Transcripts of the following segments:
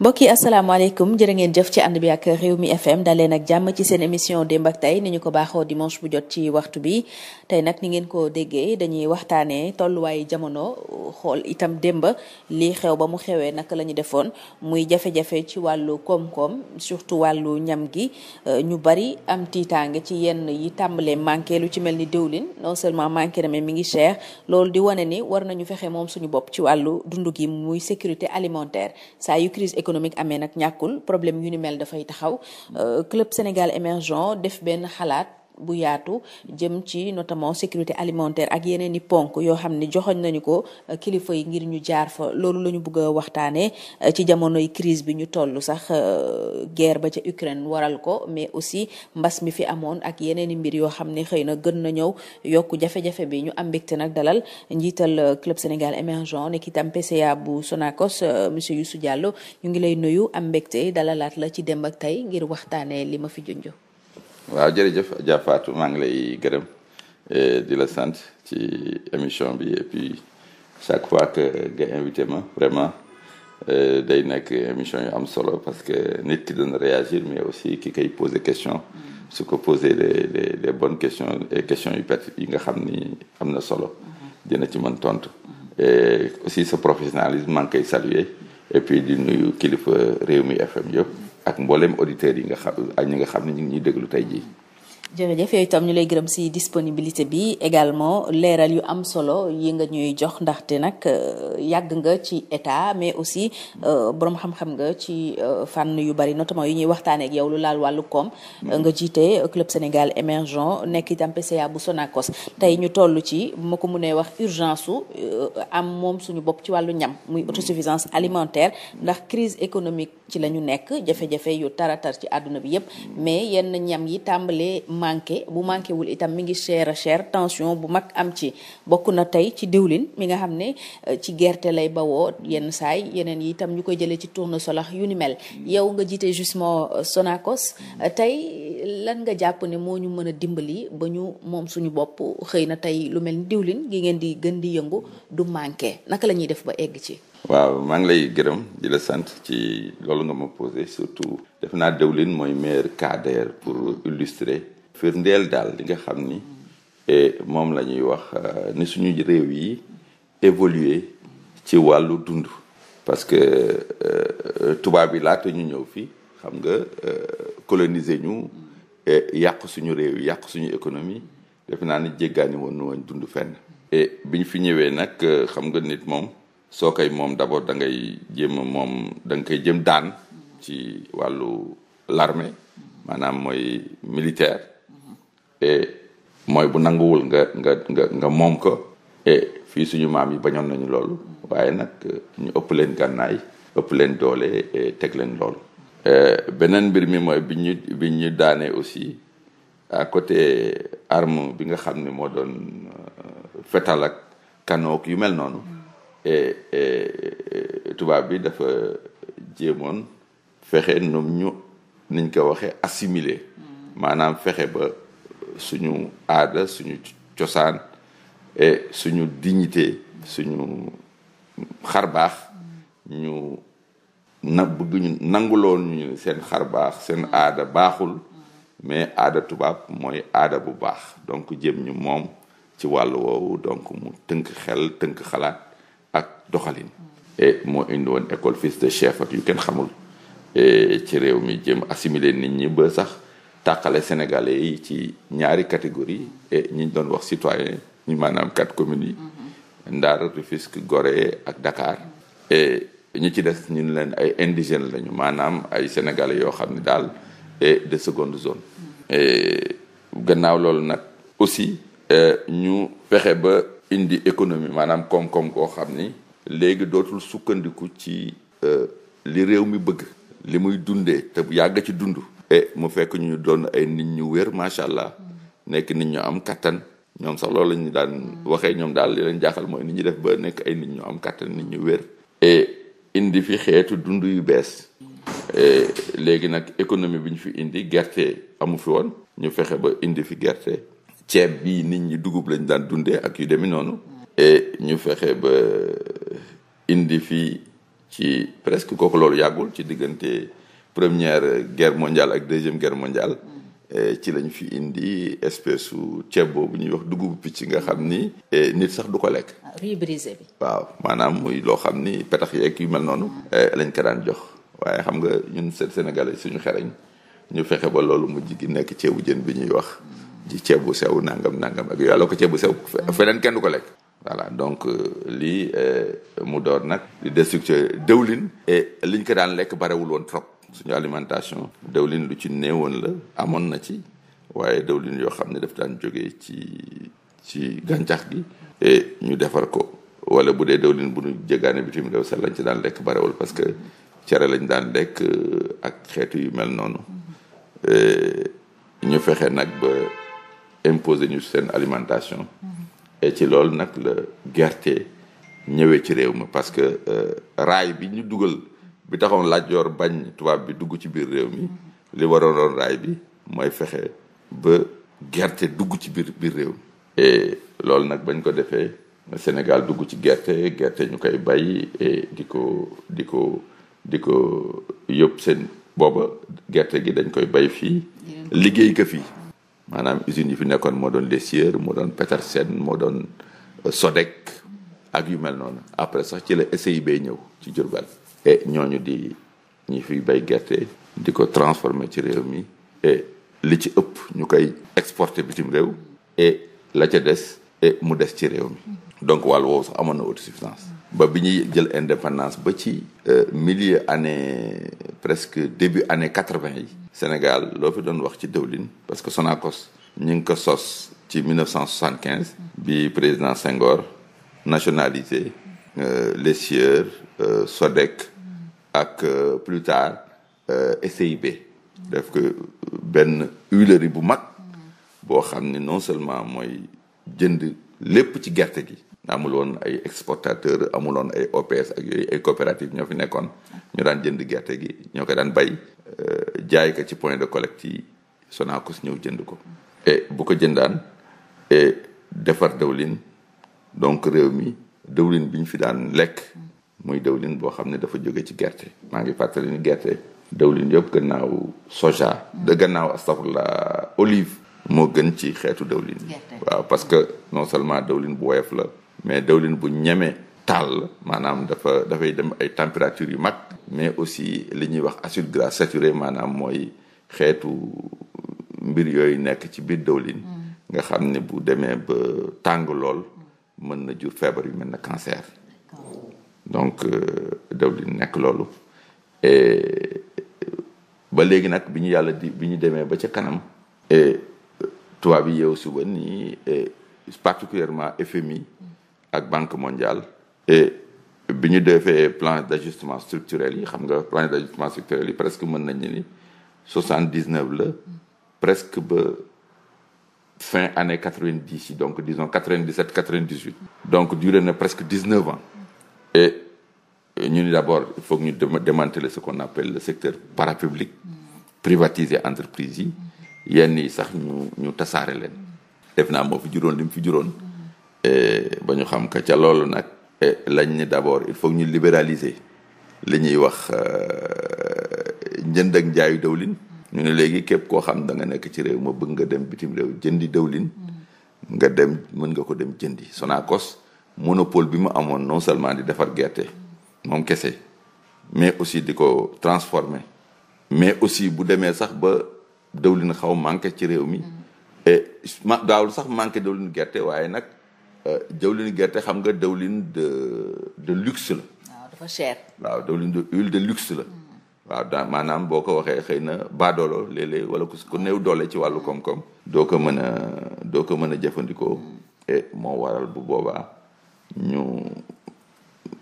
mbokk yi asalaamaaleykum jërë ngeen jëf ci ànd bi ak réew mi FM daleen ak jàmm ci seen émission démb ak tey ni ñu ko baaxoo dimanche bu jot ci waxtu bi tey nag ni ngeen ko déggee dañuy waxtaanee tolluwaayu jamono xool itam démb lii xew ba mu xewee naka la ñu defoon muy jafe-jafe ci wàllu koom-koom surtout wàllu ñam gi euh, ñu bari am tiitaange ci yenn yi tàmbalee manqué lu ci mel ni diwlin non seulement manqué na mais mi ngi cher loolu di wane ni war nañu fexe moom suñu bopp ci wàllu dund gi muy sécurité alimentaire saa yu économique amee nag ñàkkul problème yu ni mel dafay taxaw euh, club Sénégal émergent def benn xalaat bu yaatu jëm ci notamment sécurité alimentaire ak yeneen i ponk yoo xam ne joxoñ nañu ko euh, kilifa yi ngir ñu jaar fa loolu la ñu bëgg waxtaanee euh, ci jamonoy crise bi ñu toll sax euh, guerre ba ca Ukraine waral ko mais aussi mbas mi fi amoon ak yeneen i mbir yoo xam ne xëy na gën na ñëw yokk jafe-jafe bi ñu am mbégte nag dalal njiital club Sénégal émergent nekk itam PCA bu Sonacos monsieur Youssou Diallo ñu ngi lay nuyu am mbégte dalalaat la ci demb ak tey ngir waxtaanee li ma fi junjoo. waaw jërëjëf Adja Fatou maa ngi lay gërëm eh, di la sant ci émission bi et chaque fois que nga invité ma vraiment eh, day nekk émission yu am solo parce que nit ki dana réagir mais aussi ki koy poser question su ko poser les les les question questions et yu pert yi nga xam ni am na solo dina ci man tontu. et aussi sa professionnalisme maa ngi koy saluer et puis di réew mi Rewmi FM yëpp. ak mbooleem auditeurs yi nga xam ak ñi nga xam ne ñu ngi ñuy déglu tey jii jërëjëf yooyu itam ñu lay gërëm si disponibilité bi également leeral yu am solo yi nga ñuy jox ndaxte nag euh, yàgg nga ci état mais aussi euh, borom xam-xam nga ci euh, fànn yu bari notamment yu ñuy waxtaanee yow lu laal wàllu koom. Mm-hmm. nga jiite club Sénégal émergent nekk itam PCA bu Sonacos tey ñu toll ci ma ko mënee wax urgence su am moom suñu bopp ci wàllu ñam muy autosuffisance alimentaire ndax crise économique ci la ñu nekk jafe-jafe yu taratar ci àdduna bi yépp mm-hmm. manqué bu manqué wul itam mi ngi cher a cher tension bu mag am ci bokk na tey ci diwlin mi nga xam ne euh, ci gerte lay bawoo yenn saay yeneen yi itam ñu koy jëlee ci tournesol ak yu ni mel yow nga jiite justement euh, Sonacos euh, tey lan nga jàpp ne moo ñu mën a dimbali ba ñu moom suñu bopp xëy na tey lu mel ni diwlin gi ngeen di gën di yëngu du manqué naka la ñuy def ba egg ci. waaw maa ngi lay gërëm di la sant ci loolu nga ma posé surtout def naa diwlin mooy meilleur firndeel daal li nga xam ni eh, moom la ñuy wax euh, ni suñu réew yi évoluer ci wàllu dund parce que euh, tubaab yi laata ñu ñëw fii xam nga euh, coloniser ñu eh, yàq suñu réew yi yàq suñu économie def naa ni jéggaani woon nu woon dund fenn bi ñu fi ñëwee nag xam nga nit moom soo koy moom d'abord da ngay jéem a moom da nga koy jëm daan ci wàllu larme maanaam mooy militaire E, mooy bu nanguwul nga nga nga nga moom ko et fii suñu maam yi bañoon nañu loolu waaye nag e, ñu ëpp leen gànnaay ëpp leen doole et teg leen loolu e, beneen mbir mi mooy bi ñu bi ñu daanee aussi à côté arme bi nga xam ne moo doon fetal ak kanook yu mel noonu et tubaab bi dafa jéemoon fexe num ñu niñ ko waxee assimiler mm. maanaam fexe ba suñu aada suñu cosaan et suñu dignité suñu xarbaax ñu na bëgg ñu nanguloon ñu seen xar baax seen aada baaxul mais aada tubaab mooy aada bu baax donc jëm ñu moom ci wàll woowu donc mu tënk xel tënk xalaat ak doxalin et moo indi woon école fils de chef ak yu kenn xamul ci réew mi jëm assimiler nit ñi ba sax tàqale sénégalais yi ci ñaari catégorie et ñi doon wax citoyen ñu maanaam quatre communes yi mm-hmm. Ndar Rufisque gore ak Dakar e ñi ci des ñun leen ay indigènes lañu maanaam ay sénégalais yoo xam ne daal et de seconde zone e gannaaw loolu nag aussi euh, ñu fexe ba indi économie maanaam koom-koom koo xam ni léegi dootul sukkandiku ci euh, li réew mi bëgg li muy dundee te bu yàgg ci dund Eh, mu fekk ñu doon ay nit ñu wér macha allah nekk nit ñu am kattan ñoom sax loolu la daan waxee ñoom daal li leen jaaxal mooy nit ñi def ba nekk ay nit ñu am kattan nit ñu wér. e indi fi xeetu dund yu bees. Eh, léegi nag économie bi ñu fi indi gerte amu fi woon ñu fexe ba indi fi gerte. ceeb bi nit ñi dugub lañ daan dundee ak yu demee noonu. e ñu fexe ba indi fi ci presque kooku loolu yàggul ci diggante. première guerre mondiale ak deuxième guerre mondiale eh, ci lañ fi indi espèce su ceeb boobu ñuy wax dugub picc nga xam ni. Eh, nit sax du ko lekk. Ah, riz brisé waaw maanaam muy loo xam ni petax yeeg yu mel noonu. Eh, lañ ko daan jox waaye xam nga ñun Sénégalais suñu xereñ ñu fexe ba loolu mu gi nekk ceebu jën bi ñuy wax. ci ceeb bu sew nangam nangam ak yooyu alors que ceeb bu sew. feneen kenn du ko lekk. voilà donc euh, lii mu door nag. di destructure dëwlin. et liñ ko daan lekk barewul woon trop. suñu alimentation dawlin lu ci néewoon la amoon na ci waaye dawlin yoo xam ne daf daan jóge ci ci gàncax gi e ñu defar ko wala bu dee dawlin bu ñu jéggaane bitim réew seen lañ ci daan lekk barewul parce que cere lañ daan lekk euh, ak xeetu yu mel noonu ñu fexe nag ba imposer ñu seen alimentation et ci loolu nag la gerte ñëwee ci réew mi parce que euh, raay bi ñu dugal bi taxoon laaj yor bañ tubaab bi dugg ci biir réew mi li waroon doon raay bi mooy fexe ba gerte dugg ci biir biir réew mi et loolu nag bañ ko defee Sénégal dugg ci gerte gerte ñu koy bay et di ko di ko di ko yóbbu seen booba gerte gi dañ koy bay fii liggéey ko fii maanaam usines yi fi nekkoon moo doon Lesieur moo doon Petersen moo doon Sodec ak yu mel noonu après sax ci la SEIB ñëw ci Diourbel et ñooñu di ñi fi bay gerte di ko transformer ci réew mi et li ci ëpp ñu koy exporter bitim réew et la ca des et mu des ci réew mi donc wàllu woowu sax amoon na auto autosuffisance ba bi ñuy jël indépendance ba ci euh, millier année presque début année quatre-vingt yi Sénégal loo fi doon wax ci dëwlin parce que Sonacos ñu ngi ko sos ci 1975 bi président Senghor nationalisé Euh, les sieurs euh, SODEC ak euh, plus tard SIB def que benn huilerie bu mag boo xam ne non seulement mooy jënd lépp ci gerte gi amul woon ay exportateur amul woon ay OPS ak yooyu ay coopérative ñoo fi nekkoon ñu daan jënd gerte gi ñoo koy daan bay jaay ko ci point de collecte yi Sonacos ñëw jënd ko et bu ko jëndaan et defar dawlin donc réew mi dëwlin bi ñu fi daan lekk muy dëwlin boo xam ne dafa jóge ci gerte maa ngi fàttali ni gerte dëwlin yëpp gannaaw soja da gannaaw la olive moo gën ci xeetu dëwlin waaw parce que non seulement dëwlin bu woyof la mais dëwlin bu ñeme taal maanaam dafa dafay dem ay température yu mag mais aussi li ñuy wax acide gras saturé maanaam mooy xeetu mbir yooyu nekk ci biir dëwlin mm. nga xam ne bu demee ba tàng lool mën na jur feebar yu mel na cancer donc euh, dawlin nekk loolu ba léegi nag bi ñu yàlla di bi ñu demee ba ca kanam tubaab yi yeewu suba nii particulièrement FMI ak Banque mondiale bi ñu defee plan d'ajustement structurel yi xam nga plan d'ajustement structurel yi presque mën nañu ni soixante-dix-neuf la presque ba fin année 90 donc disons 97 98 donc duré na presque 19 ans et ñu ni d'abord il faut que ñu démanteler ce qu'on appelle le secteur parapublic privatiser entreprise yi yenn yi sax ñu ñu tasaare leen def naa moo fi juróon li mu fi juróon ba ñu xam ka ca loolu nag lañ ni d'abord il foog ñu libéraliser li ñuy wax euh, njënd ak njaayu dawlin ñu ne léegi képp koo xam da nga nekk ci réew ma bëgg nga dem bitim réew jëndi dëwlin nga dem mën nga ko dem jëndi Sonacos monopole bi mu amoon non seulement di defar gerte moom kese mais aussi di ko transformer mais aussi bu demee sax ba dëwlin xaw manqué ci réew mi et ma sax manqué dëwlin gerte waaye nag euh, dëwlin gerte xam nga dëwlin de de luxe la waaw dafa cher waaw dëwlin de huile de luxe la waaw daa maanaam boo ko waxee xëy na baadoolo léeg-léeg wala ku néew doole ci wàllu koom-koom doo ko mën a doo ko mën a jëfandikoo moo waral bu boobaa ñu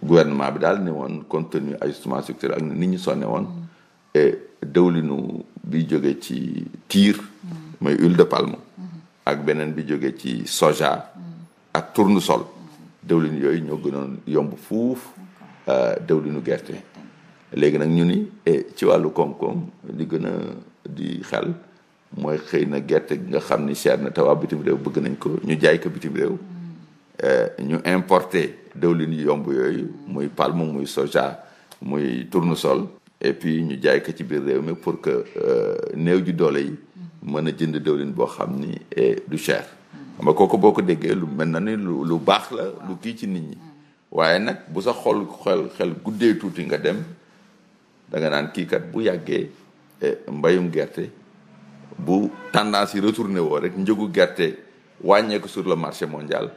gouvernement bi daal ne woon compte tenu ajustement structurel ak nit ñi sonne woon et dëwlinu bi jóge ci tiir mooy huile de palme ak beneen bi jóge ci soja ak tournesol dëwlin yooyu ñoo gënoon yomb fuuf euh, dëwlinu gerte léegi nag ñu ni eh, ci wàllu koom-koom li gën a di xel mooy xëy na gerte gi nga xam ni cher na te waa bitim réew bëgg nañ ko ñu jaay ko bitim réew eh, ñu importé dëwlin yu yomb yooyu muy palme muy soja muy tournesol et puis ñu jaay ko ci biir réew mi pour que eh, néew ji doole yi mën na jënd dëwlin boo xam ni du cher xam nga kooko boo ko déggee lu mel na ni lu lu baax la lu kii ci nit ñi waaye nag bu sa xol xel xel guddee tuuti nga dem danga naan kii kat bu yàggee eh, mbayum gerte bu tendance yi retourné woo rek njëgu gerte wàññeeku sur le marché mondial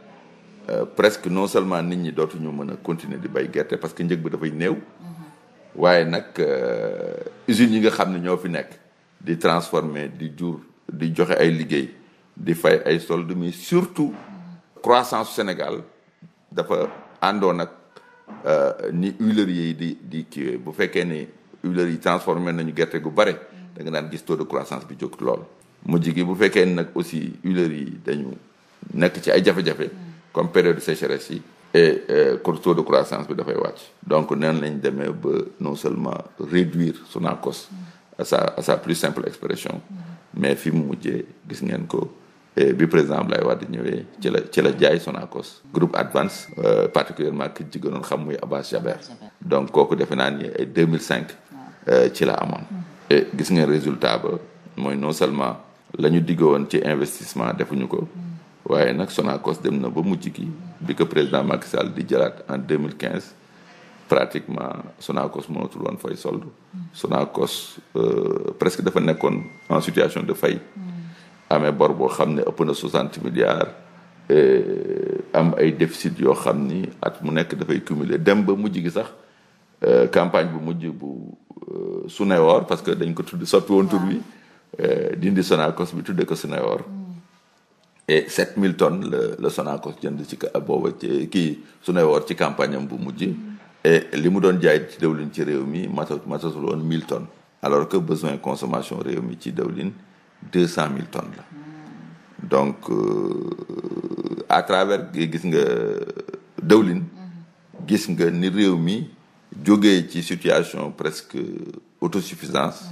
eh, presque non seulement nit ñi dootuñu mën a continuer di bay gerte parce que njëg bi dafay néew. Mm-hmm. waaye nag eh, usines yi nga xam ne ñoo fi nekk di transformer di jur di joxe ay liggéey di fay ay solde mais surtout croissance Sénégal dafa àndoon ak ni huileriers yi di di kiiwee bu fekkee ni. huileurs yi transformé nañu gerte gu bare mm. da nga daan gis taux de croissance bi jóg lool. mujj gi bu fekkee nag aussi huileurs yi dañu nekk ci ay jafe-jafe mm. comme période sécheresse yi. et euh, taux de bi dafay wàcc. donc neen lañ demee ba non seulement réduire Sonacos mm. à sa sa plus simple expression. mais fi mu mujjee gis ngeen ko bi président Abdoulaye Wade ñëwee ci la ci la jaay Sonacos. groupe Advance euh, particulièrement ki jigéenoon xam muy Abbas Jaber donc kooku defe naa ni ay 2005. Euh, ci la amoon. et gis nga résultat ba mooy non seulement lañu ñu diggoon ci investissement defuñu ko. waaye nag Sonacos dem na ba mujj gi bi ko président Macky Sall di jëlaat en mille quinze pratiquement Sonacos mënatul woon fay solde. Sonacos euh, presque dafa nekkoon en situation de faillite. amee bor boo xam ne ëpp na soixante milliards. am ay déficit yoo xam ni at mu nekk dafay cumuler dem ba mujj gi sax. Euh, campagne bu mujj bu euh, Suneor parce que dañ ko tudd soppi woon tur bi euh, dindi Sonacos bi tudde ko Suneor mm. et 7000 tonnes le le Sonacos jënd ci booba ci kii Suneor ci campagne bu mujj mm. et li mu doon jaay ci dawlin ci réew mi mata matatul woon mille ton alors que besoin consommation réew mi ci dawlin 200000 tonnes la mm. donc à travers gis nga dawlin mm-hmm. gis nga ni réew mi jóge ci situation presque autosuffisance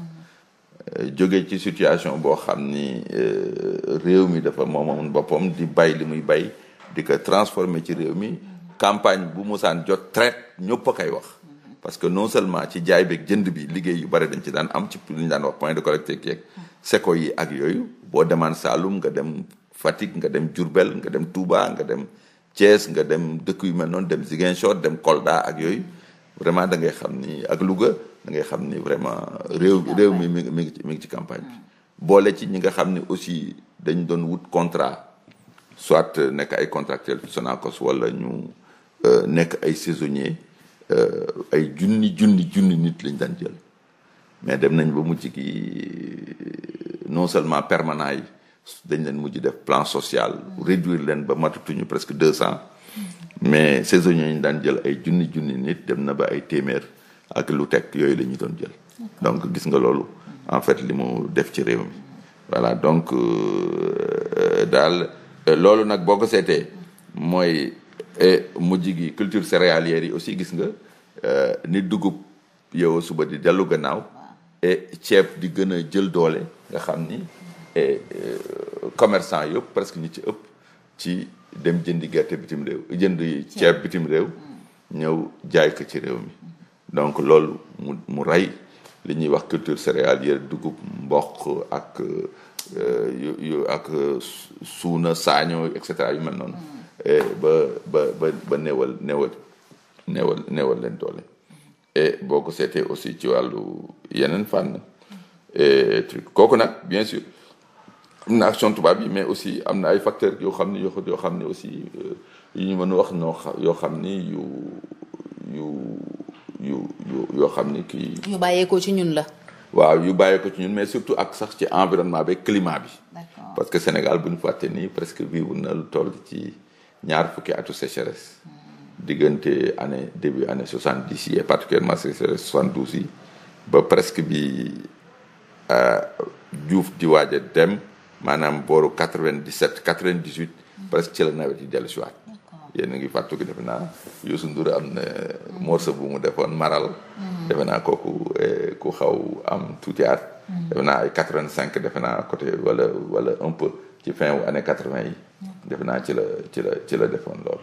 euh, jóge ci situation boo xam ni euh, réew mi dafa moom moomoon boppam di bay li muy bay di ko transformer ci réew mi campagne bu musaan jot traite ñëpp a koy wax parce que non seulement ci jaay beeg jënd bi liggéey yu bari dañ ci daan am ci li ñu daan wax point de collecte yeeg seko yi ak yooyu boo demaan Saalum nga dem Fatick nga dem jurbel nga dem Touba nga dem Thiès nga dem dëkk yu mel noonu dem Ziguinchor dem Kolda ak yooyu vraiment da ngay xam ni ak Louga da ngay xam ni vraiment réew réew mi mi mi ngi mi ngi ci campagne bi boole ci ñi nga xam ni aussi dañ doon wut contrat soit nekk ay contractuel Sonacos walla ñu euh, nekk ay saisonnier euh, ay junni junni junni nit lañ daan jël mais dem nañ ba mujj gi euh, non seulement permanent yi dañ leen mujj def plan social réduire leen ba matatuñu presque deux cents mais saisonniers yi ñu daan jël ay junni junni nit dem na ba ay téeméer ak lu teg yooyu la ñu doon jël. donc gis nga loolu en fait li mu def ci réew mi. voilà donc euh, euh, daal euh, loolu nag boo ko seetee mooy eh, mujj gi culture céréalière yi aussi gis nga ni dugub yow suba di dellu gannaaw. ceeb di gën a jël doole nga xam ni et commerçant yëpp presque ñi ci ëpp ci. dem jëndi gerte bitim réew jënd ceeb bitim réew ñëw jaay ko ci réew mi donc loolu mu mu rey li ñuy wax culture céréalière dugub mboq ak euh, yu yu ak suuna saaño et cetera yu mel noonu ba ba ba ba néewal néewal néewal néewal leen doole et boo ko seetee aussi ci wàllu yeneen fànn et truc kooku nag bien sûr am na action tubaab yi mais aussi am na ay facteurs yoo xam ni yoo xam ni aussi euh, yu ñu mën wax noo yoo xam ni yu yu yu yoo xam ni kii. yu bàyyeekoo ci ñun la. waaw yu bàyyeekoo ci ñun mais surtout ak sax ci environnement bi climat bi. parce que Sénégal bu ñu fàtte nii presque vivre na lu toll ci ñaar fukki atu sécheresse. Hmm. diggante année début année soixante dix yi et particulièrement sécheresse soixante douze yi ba presque bi euh, Diouf di waaj dem. maanaam booru 97 98 presque ci la nawet yi dellu si waat yéen a ngi fàttaliku defe naa Youssou Ndour am na morceau bu mu defoon maral mm-hmm. defe naa kooku eh, ku xaw am tuuti at mm-hmm. defe naa ay 85 defe naa côté wala wala un ci fin wu année 80 yi mm-hmm. defe naa ci la ci la ci la defoon lool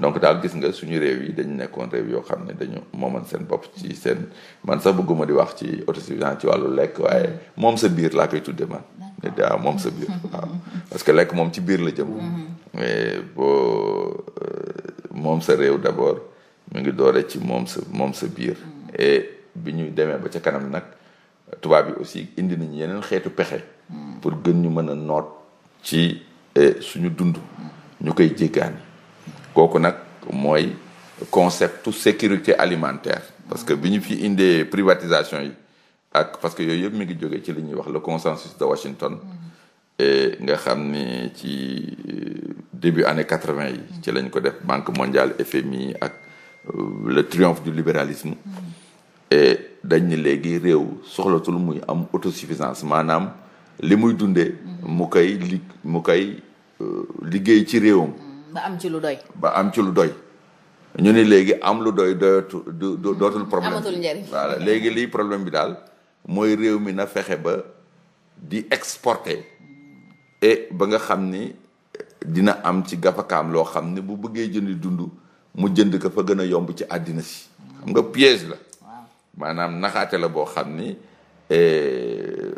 donc daal gis nga suñu réew yi dañu nekkoon réew yoo xam ne dañu mooman seen bopp ci seen man sax bëgguma di wax ci autosuffisance ci wàllu lekk waaye moom sa biir laa koy tudde man ne daa moom sa biir waaw parce que lekk moom ci biir la jëm mm-hmm. mais boo euh, moom sa réew d'abord mu ngi doore ci moom sa moom sa biir e bi ñu demee ba ca kanam nag tubaab yi aussi indi nañu yeneen xeetu pexe mm-hmm. pour gën ñu mën a noot ci eh, suñu dund ñu koy jéggaani kooku nag mooy conceptu sécurité alimentaire parce que bi ñu fi indee privatisation yi ak parce que yooyu yëpp mu ngi jógee ci li ñuy wax le consensus de Washington. Mm-hmm. et nga xam ni ci euh, début année quatre vingt yi. Mm-hmm. ci lañ ko def banque mondiale FMI ak euh, le triomphe du libéralisme. Mm-hmm. et dañ ni léegi réew soxlatul muy am autosuffisance maanaam li muy dundee. mu koy mu koy euh, liggéey ci réewam. ba am ci lu doy. ba am ci lu doy. ñu ni léegi am lu doy doyatu dootul problème. amatul njëriñ léegi liy problème bi daal. mooy réew mi na fexe ba di exporter et ba nga xam ni dina am ci gafakaam loo xam ne bu bëggee jënd dund mu jënd ko fa gën a yomb ci àddina si xam nga piège la maanaam naxaate la boo xam ni eh,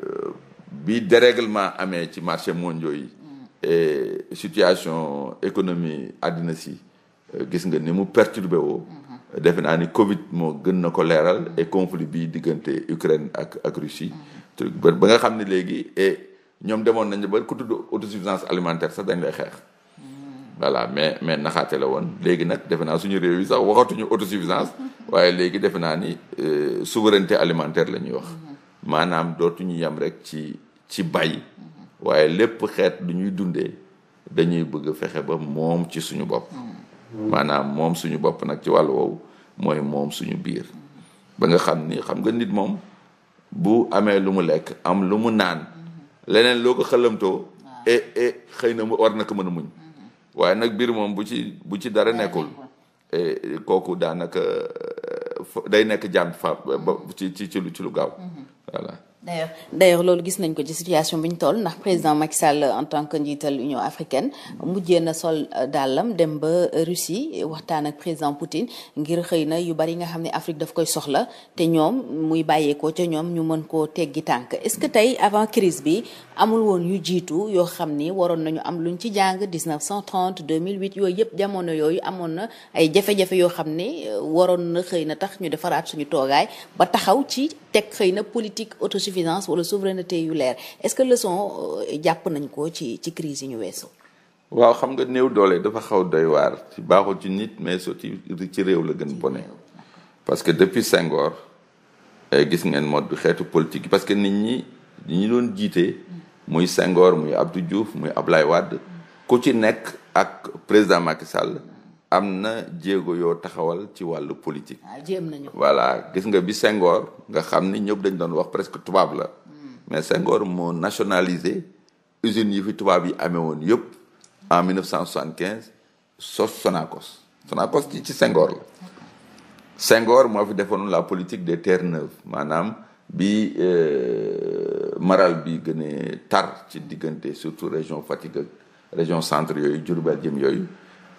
bi dérèglement amee ci marché mondiaux mm. eh, situation économie àddina si eh, gis nga ni mu perturbé woo mm. defe naa ni Covid moo gën na ko leeral et conflit bi diggante Ukraine ak ak Russie mm-hmm. ba nga xam ne léegi e ñoom demoon nañu ba ku tudd autosuffisance alimentaire sax dañ lay xeex mm-hmm. voilà mais mais naxaate la woon léegi nag defe naa suñu réew yi sax waxatuñu autosuffisance waaye léegi defe naa ni euh, souveraineté alimentaire la ñuy wax mm-hmm. maanaam dootuñu yem rek ci ci bay waaye lépp xeet du ñuy dundee dañuy bëgg fexe ba moom ci suñu bopp maanaam moom suñu bopp nag ci wàll woowu mooy moom suñu biir ba nga xam ni xam nga nit moom bu amee lu mu lekk am lu mu naan leneen loo ko xëlamtoo eh, eh, xëy na war na ko mën a muñ mm-hmm. waaye nag biir moom bu ci bu ci dara nekkul eh, kooku daanaka day nekk jàmm fa ci ci ci lu gaaw mm-hmm. voilà d'ailleurs d'ailleurs loolu gis nañ ko ci situation bi ñu toll ndax président Macky Sall en tant que njiital Union africaine mujjee na sol euh, dàllam dem ba Russie waxtaan ak président Poutine ngir xëy na yu bari nga xam ne Afrique daf koy soxla te ñoom muy bàyyeekoo ca ñoom ñu mën koo teggi tànk est-ce que tey avant crise bi amul woon yu jiitu yoo xam ni waroon nañu am luñ ci jàng 1930 2008 yooyu yëpp jamono yooyu amoon na ay jafe-jafe yoo xam ni euh, waroon na xëy na tax ñu defaraat suñu toogaay ba taxaw ci teg xëy na politique autosuffisance wala souveraineté yu leer est-ce que leçon euh, jàpp nañ ko ci ci crise yi ñu weesu. waaw xam nga néew doole dafa xaw doy waar ci baaxul ci nit mais so ci réew la gën bone parce que depuis Senghor eh, gis ngeen mode bi xeetu politique parce que nit ñi ñu doon jiite. Mm. muy Senghor muy Abdou Diouf muy Ablaye Wade ku ci nekk ak président Macky Sall am na jéego yoo taxawal ci wàllu politique. Ah, jéem nañu voilà gis nga bi Senghor nga xam ni ñëpp dañ doon wax presque tubaab la. Hmm. mais Senghor moo nationalisé usine yi fi tubaab yi amee woon yëpp en 1975 sos Sonacos Sonacos ci ci Senghor la. Senghor moo fi defoon la politique des terres neuves maanaam. bi euh, maral bi gënee tar ci diggante surtout région Fatick région centre yooyu Diourbel jëm yooyu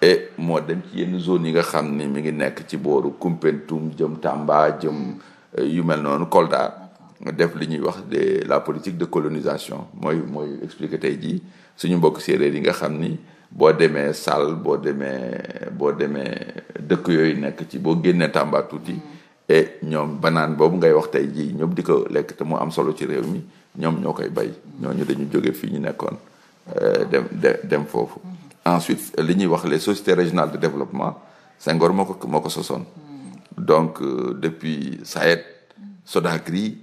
et moo dem ci yenn zone yi nga xam ni mi ngi nekk ci booru Koumpentoum jëm Tamba jëm euh, yu mel noonu Kolda def li ñuy wax de la politique de colonisation mooy mooy expliqué tey jii suñu mbokk séeréer yi nga xam ni boo demee Sall boo demee boo demee dëkk yooyu nekk ci boo génnee Tamba tuuti et eh, ñoom banaan boobu ngay wax tey jii ñoom di ko lekk te mu am solo ci réew mi ñoom ñoo koy bay ñooñu dañu jóge fii ñu nekkoon eh, dem dem foofu ensuite li ñuy wax les sociétés régionales de développement Senghor moo ko moo ko sosoon donc euh, depuis SAED Sodagri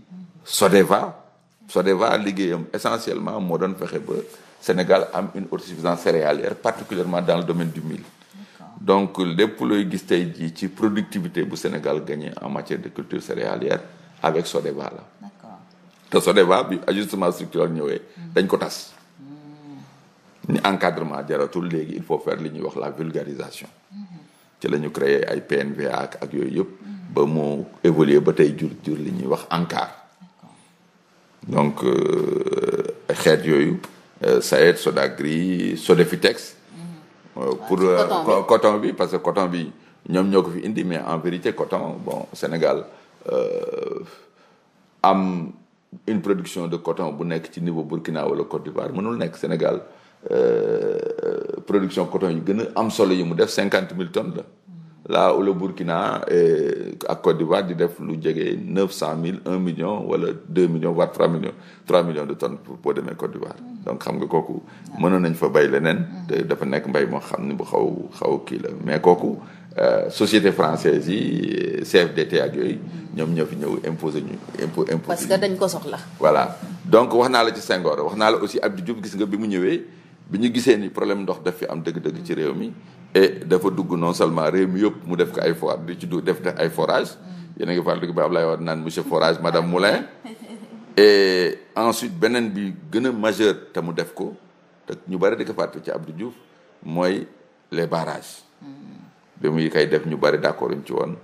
Sodeva Sodeva liggéeyam essentiellement moo doon fexe ba Sénégal am une autosuffisance céréalière particulièrement dans le domaine du mil donc lépp looy gis tey jii ci productivité bu Sénégal gagné en matière de culture céréalière avec Sodeva la te Sodeva bi ajustement structurel ñëwee hmm. dañ ko tas hmm. ni encadrement jaratul léegi il faut faire li ñuy wax la vulgarisation hmm. ci la ñu créé ay PNVA ak ak yooyu yëpp ba mu évoluer ba tey jur jur li ñuy wax ANCAR donc euh, xeet yooyu euh, SAED SODAGRI SODEFITEX Euh, pour euh, coton bi parce que coton bi ñoom ñoo ko fi indi mais en vérité coton bon Sénégal euh, am une production de coton bu nekk ci niveau Burkina wala Côte d'Ivoire mënul nekk Sénégal production coton yu gën a am solo yi mu def cinquante mille tonnes la là où le Burkina ak Côte d'Ivoire di def lu jege neuf cent mille un million wala deux millions voire trois millions trois millions de tonnes pour boo demee Côte d'Ivoire donc xam nga kooku mënoon nañ fa bay leneen te dafa nekk mbay moo xam ne bu xaw xaw kii la mais kooku euh, société française yi CFDT ak yooyu ñoom ñoo fi ñëw impose ñu impo imposé parce que dañ ko soxla voilà donc wax naa la ci Senghor wax naa la aussi Abdou Diouf gis nga bi mu ñëwee bi ñu gisee ni problème ndox daf fi am dëgg-dëgg ci réew mi et dafa dugg non seulement réew mi yëpp mu def ko ay for di ci du def ay forage yéen a ngi fàttali ko ba Ablaye Wade naan monsieur forage madame Moulin et ensuite beneen bi gën a majeur te mu def ko te ñu bari di ko fàtte ci Abdou Diouf mooy les barrages hmm. bi muy koy def ñu bari d'accord ñu ci woon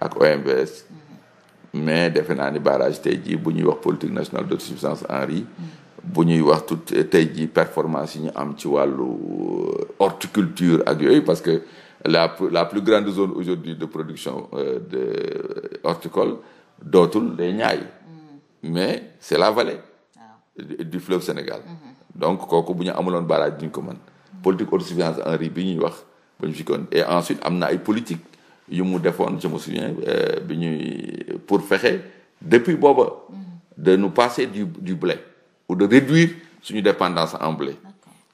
ak OMVS hmm. mais defe naa ni barrage tey jii bu ñuy wax politique nationale d'autosuffisance en riz hmm. bu ñuy wax tout eh, tey ji performance yi ñu am ci wàllu euh, horticulture ak yooyu parce que la la plus grande zone aujourd'hui de production euh, de horticole dootul les Niayes mm. mais c'est la vallée ah. du fleuve Sénégal mm-hmm. donc kooku bu ñu amuloon barrage ñu ko mën mm. politique autosuffisance en riz bi ñuy wax ba ñu fi kon et ensuite am na ay politique yu mu defoon je me souviens euh, bi ñuy pour fexe depuis booba mm. de nous passer du du ou de réduire suñu dépendance en blé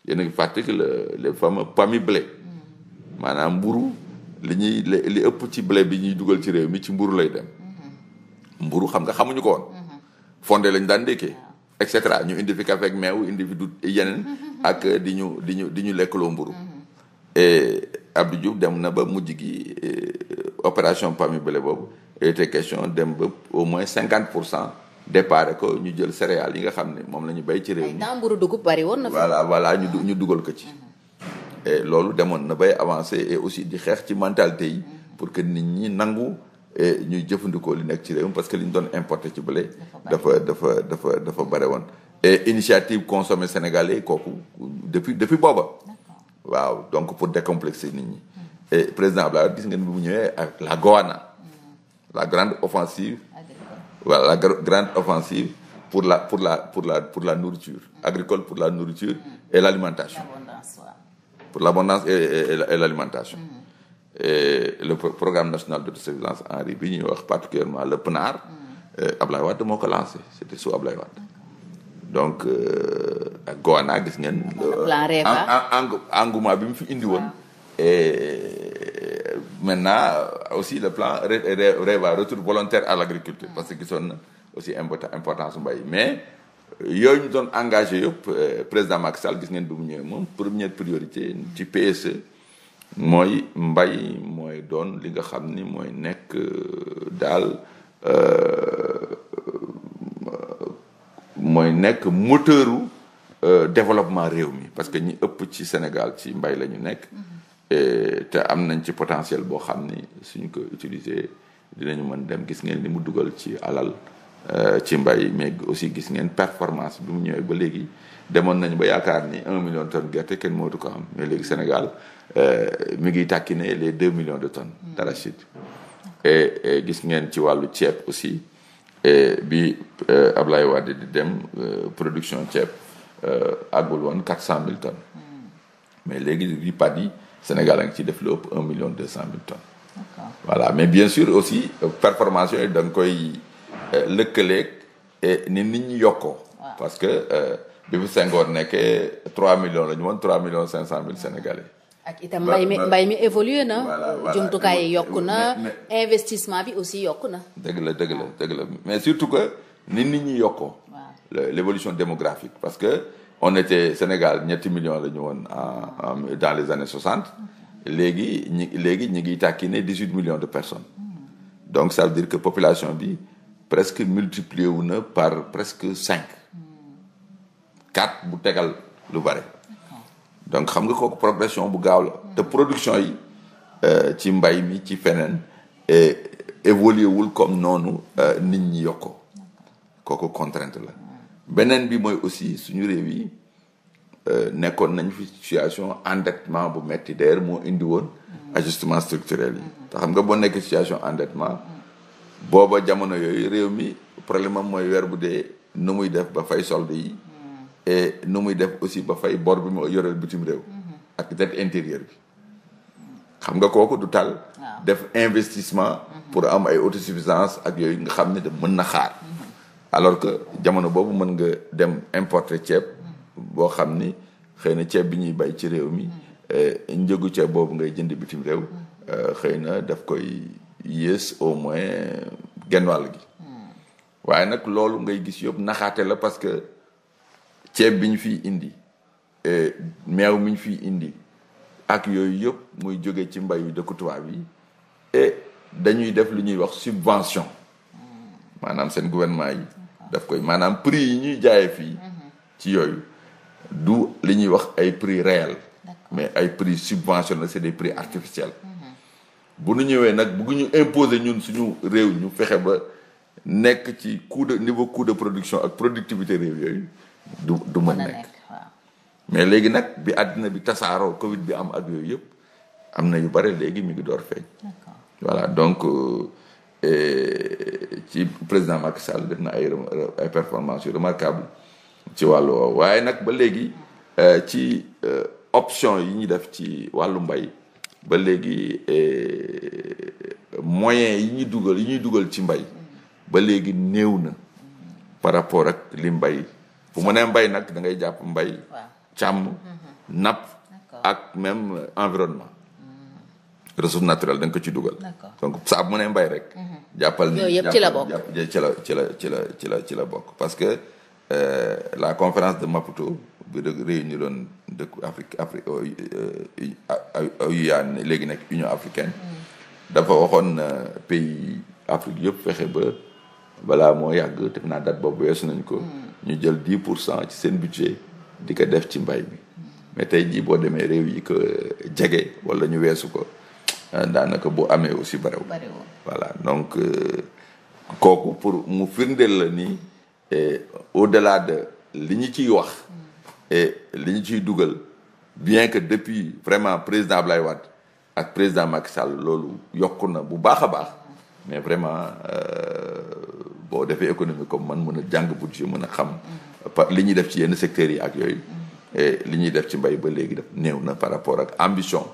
yéen a ngi fàtte que le les fameux pami blé mm. maanaam mburu li ñuy li ëpp ci blé bi ñuy dugal ci réew mi ci mburu lay dem mm-hmm. mburu xam nga xamuñu ko woon mm-hmm. fondé lañ daan ndékkee et cetera ñu indi fi café ak meew indi fi du yeneen mm-hmm. ak di ñu di ñu di ñu lekkaloo mburu et Abdou dem na ba mu mujj gi euh, opération pami blé boobu était question dem ba au moins cinquante pour cent déparé ko ñu jël céréales yi nga xam ne moom la ñu béy ci réew mi. ay mburu dugub bari woon na. voilà ñu ñu dugal ko ci. Mhm. loolu demoon na bay avancé et aussi di xeex ci mentalité yi. Mhm. pour que nit ñi nangu ñuy jëfandikoo li nekk ci réew mi parce que li ñu doon importé ci bële. dafa dafa dafa dafa bare woon. et initiative consommer sénégalais kooku depuis depuis booba. waaw donc pour décomplexer nit ñi. et président Abdoulaye gis ngeen bi mu ñëwee ak la Goana. Mhm. la grande offensive. voilà la grande offensive pour la pour la pour la pour la nourriture agricole pour la nourriture mm-hmm. et l'alimentation pour l'abondance et, et, et, et l'alimentation mm-hmm. et le programme national de surveillance en riz ñu wax particulièrement le PNAR mm-hmm. euh, Ablaye Wade moo ko lancé c'était sous Ablaye Wade donc euh, Goana gis ngeen engouement bi mu fi indi woon maintenant aussi le plan REVA retour volontaire à l'agriculture parce que gisoon na aussi importance mbay mais yooyu ñu doon engagé yëpp euh, président Macky Sall gis ngeen bi mu ñëwee moom première priorité ci PSE mooy mbay mooy doon li nga xam ni mooy nekk euh, daal euh, mooy nekk moteuru développement réew mi parce que ñi ëpp ci Sénégal ci mbay la ñu nekk te am nañ ci potentiel boo xam ni suñu ko utiliser dinañu mën dem gis ngeen li mu dugal ci alal euh, ci mbay mais aussi gis ngeen performance bi mu ñëwee ba léegi demoon nañ ba yaakaar ni un million de tonnes gerte kenn mootu ko am mais léegi Sénégal euh, mi ngi tàkki les deux millions de tonnes d'arachide et gis ngeen ci wàllu ceeb aussi bi euh, Ablaye Wade di dem production ceeb àggul woon quatre cent mille hmm. mais léegi Sénégal a ngi ci def ëpp un million deux cent mille tonnes. voilà mais bien sûr aussi euh, performation yooyu da nga koy euh, lëkkaleeg ni nit ñi yokko parce que euh, bi fi Senghor nekkee trois millions la ñu woon trois millions cinq cent mille sénégalais. ak itam mbay mi mbay na. voilà jumtukaay yi yokku na. investissement bi aussi yokk na. dëgg la dëgg la dëgg la mais surtout que ni nit ñi yokkoo. l'évolution démographique parce que. on était Sénégal ñetti million la ñu woon en euh, euh, dans les années soixante léegi ñi léegi ñu ngi tàkkine dix-huit millions de personnes donc ça veut dire que population bi presque multiplié wu na par presque cinq quatre bu tegal lu bare donc xam nga kooku progression bu gaaw la te production yi euh, ci mbay mi ci feneen e, évolué wul comme noonu nit ñi yokko kooku contrainte la beneen bi mooy aussi suñu réew yi euh, nekkoon nañ fi situation endettement bu metti d'ailleurs moo indiwoon woon ajustement structurel yi te xam nga boo nekkee situation endettement booba jamono yooyu réew mi problème am mooy weer bu dee nu muy def ba fay solde yi e nu muy def aussi ba fay bor bi mu yoreel bitim réew ak dette intérieure bi xam nga kooku du tal def investissement pour am ay autosuffisance ak yooyu nga xam ne da mën na xaar alors que jamono boobu mën nga dem importer ceeb boo xam ni xëy na ceeb bi ñuy bay ci réew mi eh, njëgu ceeb boobu ngay jënd bitim réew eh, xëy na def koy yées au moins genn wàll gi waaye nag loolu ngay gis yëpp naxaate la parce que ceeb bi ñu fi indi eh, meew mi ñu fi indi ak yooyu yëpp muy jóge ci mbayu dëkku tubaab yi et dañuy def lu ñuy wax subvention maanaam seen gouvernement yi daf koy maanaam prix yi ñuy jaayee fii mhm. ci yooyu du li ñuy wax ay prix réel mais ay prix subventionnés c'est des prix artificiels mhm. bu nu ñëwee nag bëgg ñu imposer ñun suñu réew ñu fexe ba nekk ci coût de niveau coût de production ak productivité réew yooyu du du mën nekk mais léegi nag bi àddina bi tasaaroo Covid bi am ak yooyu yëpp am na yu bare léegi mi ngi door feeñ voilà donc euh, E, ci président Macky Sall def na ay ay performances yu remarquable ci wàllu woowu waaye nag ba léegi e, ci e, option yi ñuy def ci wàllu mbay ba léegi moyen yi ñuy dugal yi ñuy dugal ci mbay ba léegi néew na par rapport ak li mbay bu mu nee mbay nag da ngay jàpp mbay càmm mhm. napp ak même environnement ressource naturelle da ko ci dugal. donc saa bu mënee mbay rek. Mhm. jàppal ni yëpp ci la bokk ci la ci la ci la ci la bokk parce que euh, la conférence de Maputo bi de réunir loon dëkku Afrique Afrique UA euh, euh, léegi nekk Union africaine. Mhm. dafa waxoon pays Afrique yëpp fexe ba balaa moo yàgg def naa date boobu weesu nañ ko. Mhm. ñu jël dix pour cent ci seen budget di ko def ci mbay bi mais tey jii boo demee réew yi ko jege wala ñu weesu ko. Euh, daanaka boo amee aussi barewul voilà donc euh, kooku pour mu firndeel la nii au delà de li ñu ciy wax mm. et li ñu ciy dugal bien que depuis vraiment président Ablaye Wade ak président Macky Sall loolu yokk na bu baax a baax mais vraiment euh, boo defee économie comme man mën a jàng budget mën a xam mm. par li ñuy def ci yenn secteurs yi ak yooyu mm. li ñuy def ci mbay ba léegi def néew na par rapport ak ambition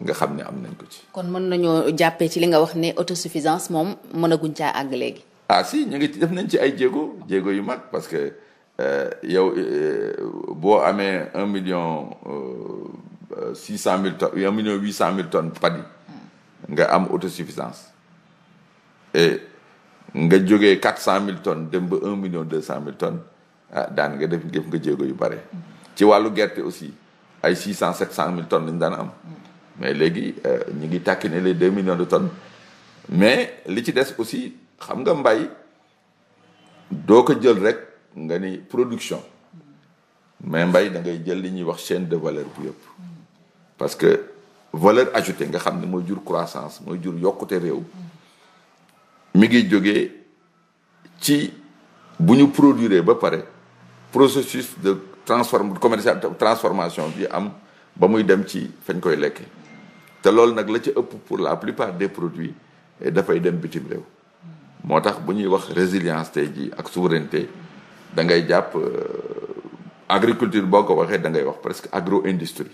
nga xam ne am nañ ko ci. kon mën nañoo jàppee ci li nga wax ne autosuffisance moom mënaguñ caa àgg léegi. ah si ñu ngi def nañ ci ay jéego jéego yu mag parce que euh, yow euh, boo amee un million euh, six cent mille tonnes un cent mille tonnes padi nga am autosuffisance et nga jógee quatre cent mille tonnes dem ba un million deux cent mille tonnes ah, daan nga def def nga jéego yu bare. ci wàllu gerte aussi ay six cent sept cent mille tonnes lañ daan am. mais léegi euh, ñu ngi tàkkine les deux millions de ton mais li ci des aussi xam nga mbay doo ko jël rek nga ni production mais mbay da ngay jël li ñuy wax chaîne de valeur bu yëpp parce que valeur ajoutée nga xam ne mooy jur croissance mooy jur yokkute réew mi ngi jóge ci bu ñu produire ba pare processus de transforme commercial transformation bi am ba muy dem ci fañ koy lekke te loolu nag la ci ëpp pour la plupart des produits eh, dafay dem bitim réew moo tax bu ñuy wax résilience tey jii ak souveraineté da ngay jàpp euh, agriculture boo ko waxee da ngay wax presque agro industrie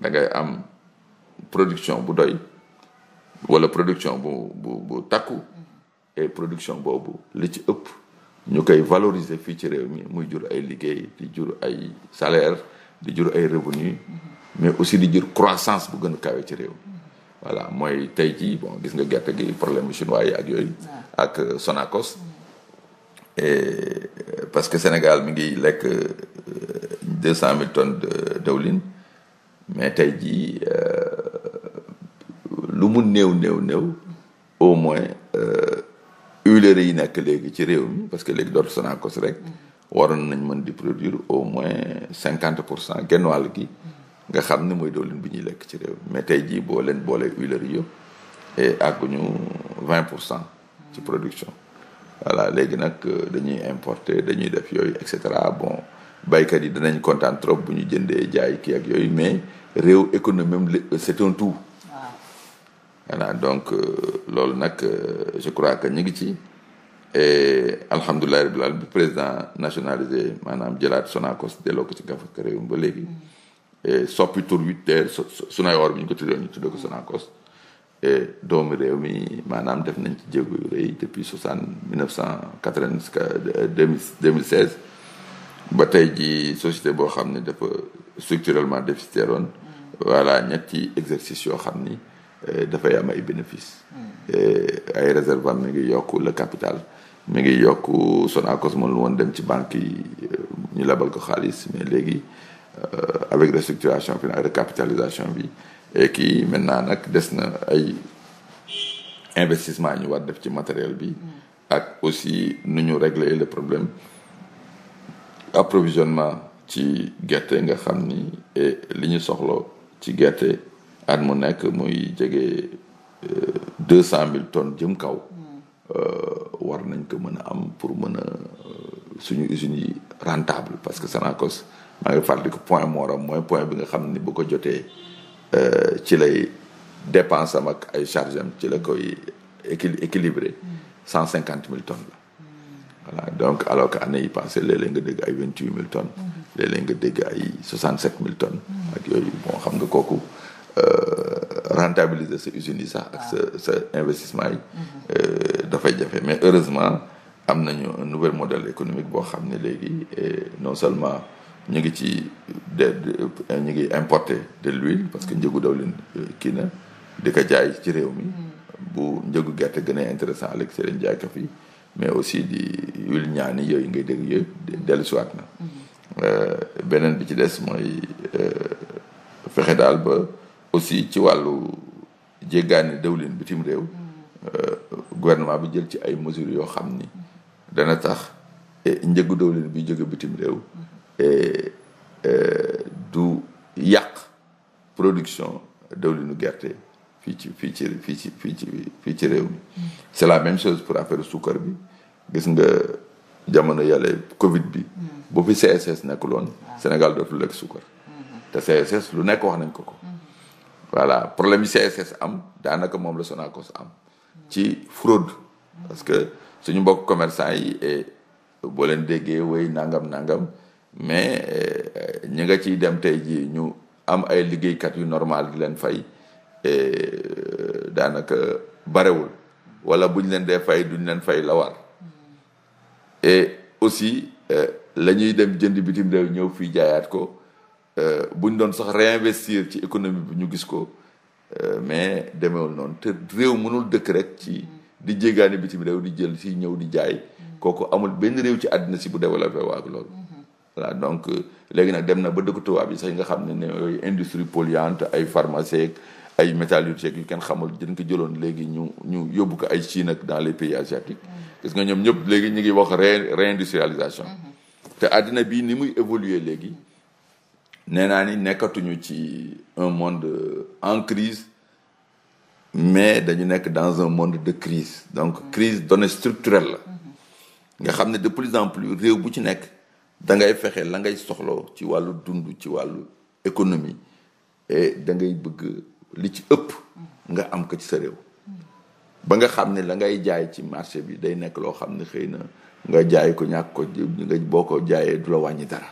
da ngay am production bu doy wala production bu bu takku et production boobu li ci ëpp ñu koy valoriser fii ci réew mi muy jur ay liggéey di jur ay salaire di jur ay revenu mais aussi di jur croissance bu gën a kawe ci réew voilà mooy tey jii bon gis nga gerte gi problème chinois yi ak yooyu ak euh, Sonacos et euh, parce que Sénégal mi ngi lekk euh, deux cent mille ton de dawlin mais tey jii lu mu néew néew néew au moins huileries yi nekk léegi ci réew mi parce que léegi dootu Sonacos rek mm-hmm. waroon nañ mën di produire au moins cinquante pour cent genn wàll gi mm-hmm. nga xam ne mooy diwlin bu ñuy lekk ci réew mais tey jii boo leen boole huileries yëpp et àgguñu vingt pour cent ci mm. production voilà léegi nag euh, dañuy importer dañuy def yooyu et cetera bon baykat yi danañ kontaan trop bu ñu jëndee jaay ki ak yooyu mais réew économie am c'est un tout voilà donc euh, loolu nag euh, je crois que ñu ngi ci et alhamdulilah rabbil alamin bi président nationalisé maanaam jëlaat Sonacos delloo ko ci gafaka réewum ba léegi mm. Eh, soppi tur wi te Sunayor bi ñu ko tuddee ñu tuddee ko Sonacos eh, doomu réew mi maanaam def nañ ci jéego yu rëy depuis soixante mille neuf cent ba tey ji société boo xam ne dafa structurellement déficitaire woon voilà ñetti exercice yoo xam ni eh, dafay am ay bénéfice mm. ay réserve am mi ngi yokk le capital mu ngi yokk Sonacos mënul woon dem ci banque yi ñu labal ko xaalis mais léegi Euh, avec restructuration finale recapitalisation bi et kii maintenant nag des na ay investissement ñu war def ci matériel bi mm. ak aussi nu ñu régler le problème approvisionnement ci gerte nga xam ni et li ñu soxloo ci gerte ak mu nekk muy jege euh, deux cent mille tonnes jëm kaw mm. euh, war nañ ko mën a am pour mën a suñu usines yi rentable parce que Sonacos maa ngi fàttali ko point mooram mooy point bi nga xam ni boo ko jotee euh, ci lay dépense am ak ay charge am ci la koy équilibré cent cinquante mille tonnes la voilà donc alors que année yi passé léeg-léeg nga dégg ay vingt huit mille tonnes léeg nga dégg ay soixante sept mille tonnes ak yooyu bon xam nga kooku euh, rentabiliser sa usines yi sax ak sa sa investissement yi euh, dafay jafe mais heureusement am nañu un nouvel modèle économique boo xam ne léegi non seulement ñu ngi ci de ñu ngi importer de l'huile parce que njëgu diwlin euh, kii na di ko jaay ci réew mi mm. bu njëgu gerte gën a intéressant à l'extérieur jaaykat yi mais aussi di huile ñaani yooyu ngay dégg yooyu dellusiwaat na mm. euh, beneen bi ci des mooy euh, fexe daal ba aussi ci wàllu jéggaani dëwlin bitim réew mm. gouvernement bi jël ci ay mesures yoo xam ni dana tax eh, njëgu dëwlin bi jóge bitim réew Euh, euh, du yàq production diwlinu gerte fii ci fii ci fii ci fii ci fii ci réew mi mm. c'est la même chose pour affaire suukar bi gis nga jamono yàlla covid bi mm. bu fi CSS nekkul ah. Sénégal dootul lekk suukar mm-hmm. te CSS lu nekk wax nañ ko ko mm-hmm. voilà problème yi CSS am daanaka moom la Sonacos am mm. ci fraude mm-hmm. parce que suñu mbokk commercant yi et eh, boo leen déggee way nangam nangam mais euh, ñu nga ciy dem tey jii ñu am ay liggéeykat yu normal di leen fay euh, daanaka barewul wala buñ leen dee fay duñ leen fay la war et aussi euh, la ñuy dem jënd bitim réew ñëw fii jaayaat ko buñ doon sax réinvestir ci économie bi ñu gis ko mais demeewul noonu te réew mënul dëkk rek ci di jéggaani bitim réew di jël si ñëw di jaay mm. kooku amul benn réew ci àddina si bu développé waag loolu voilà donc euh, léegi nag dem na ba dëkk tubaab yi sax nga xam ne ne yooyu industrie polluante ay pharmacie ay métallurgie yu kenn xamul dañ ko jëloon léegi ñu ñu yóbbu ko ay Chine ak dans les pays asiatiques mm-hmm. parce que ñoom ñëpp léegi ñu ngi wax ré réindustrialisation mm-hmm. te àddina bii ni muy évoluer léegi nee naa ni nekkatuñu ci un monde euh, en crise mais dañu nekk dans un monde de crise donc mm-hmm. crise donnée structurelle la nga xam ne de plus en plus réew bu ci nekk da ngay fexe la ngay soxloo ci wàllu dund ci wàllu économie et da ngay bëgg li ci ëpp nga am ko ci sa réew ba nga xam ne la ngay jaay ci marché bi day nekk loo xam ne xëy na nga jaay ko ñàkk ko nga boo ko jaayee du la wàññi dara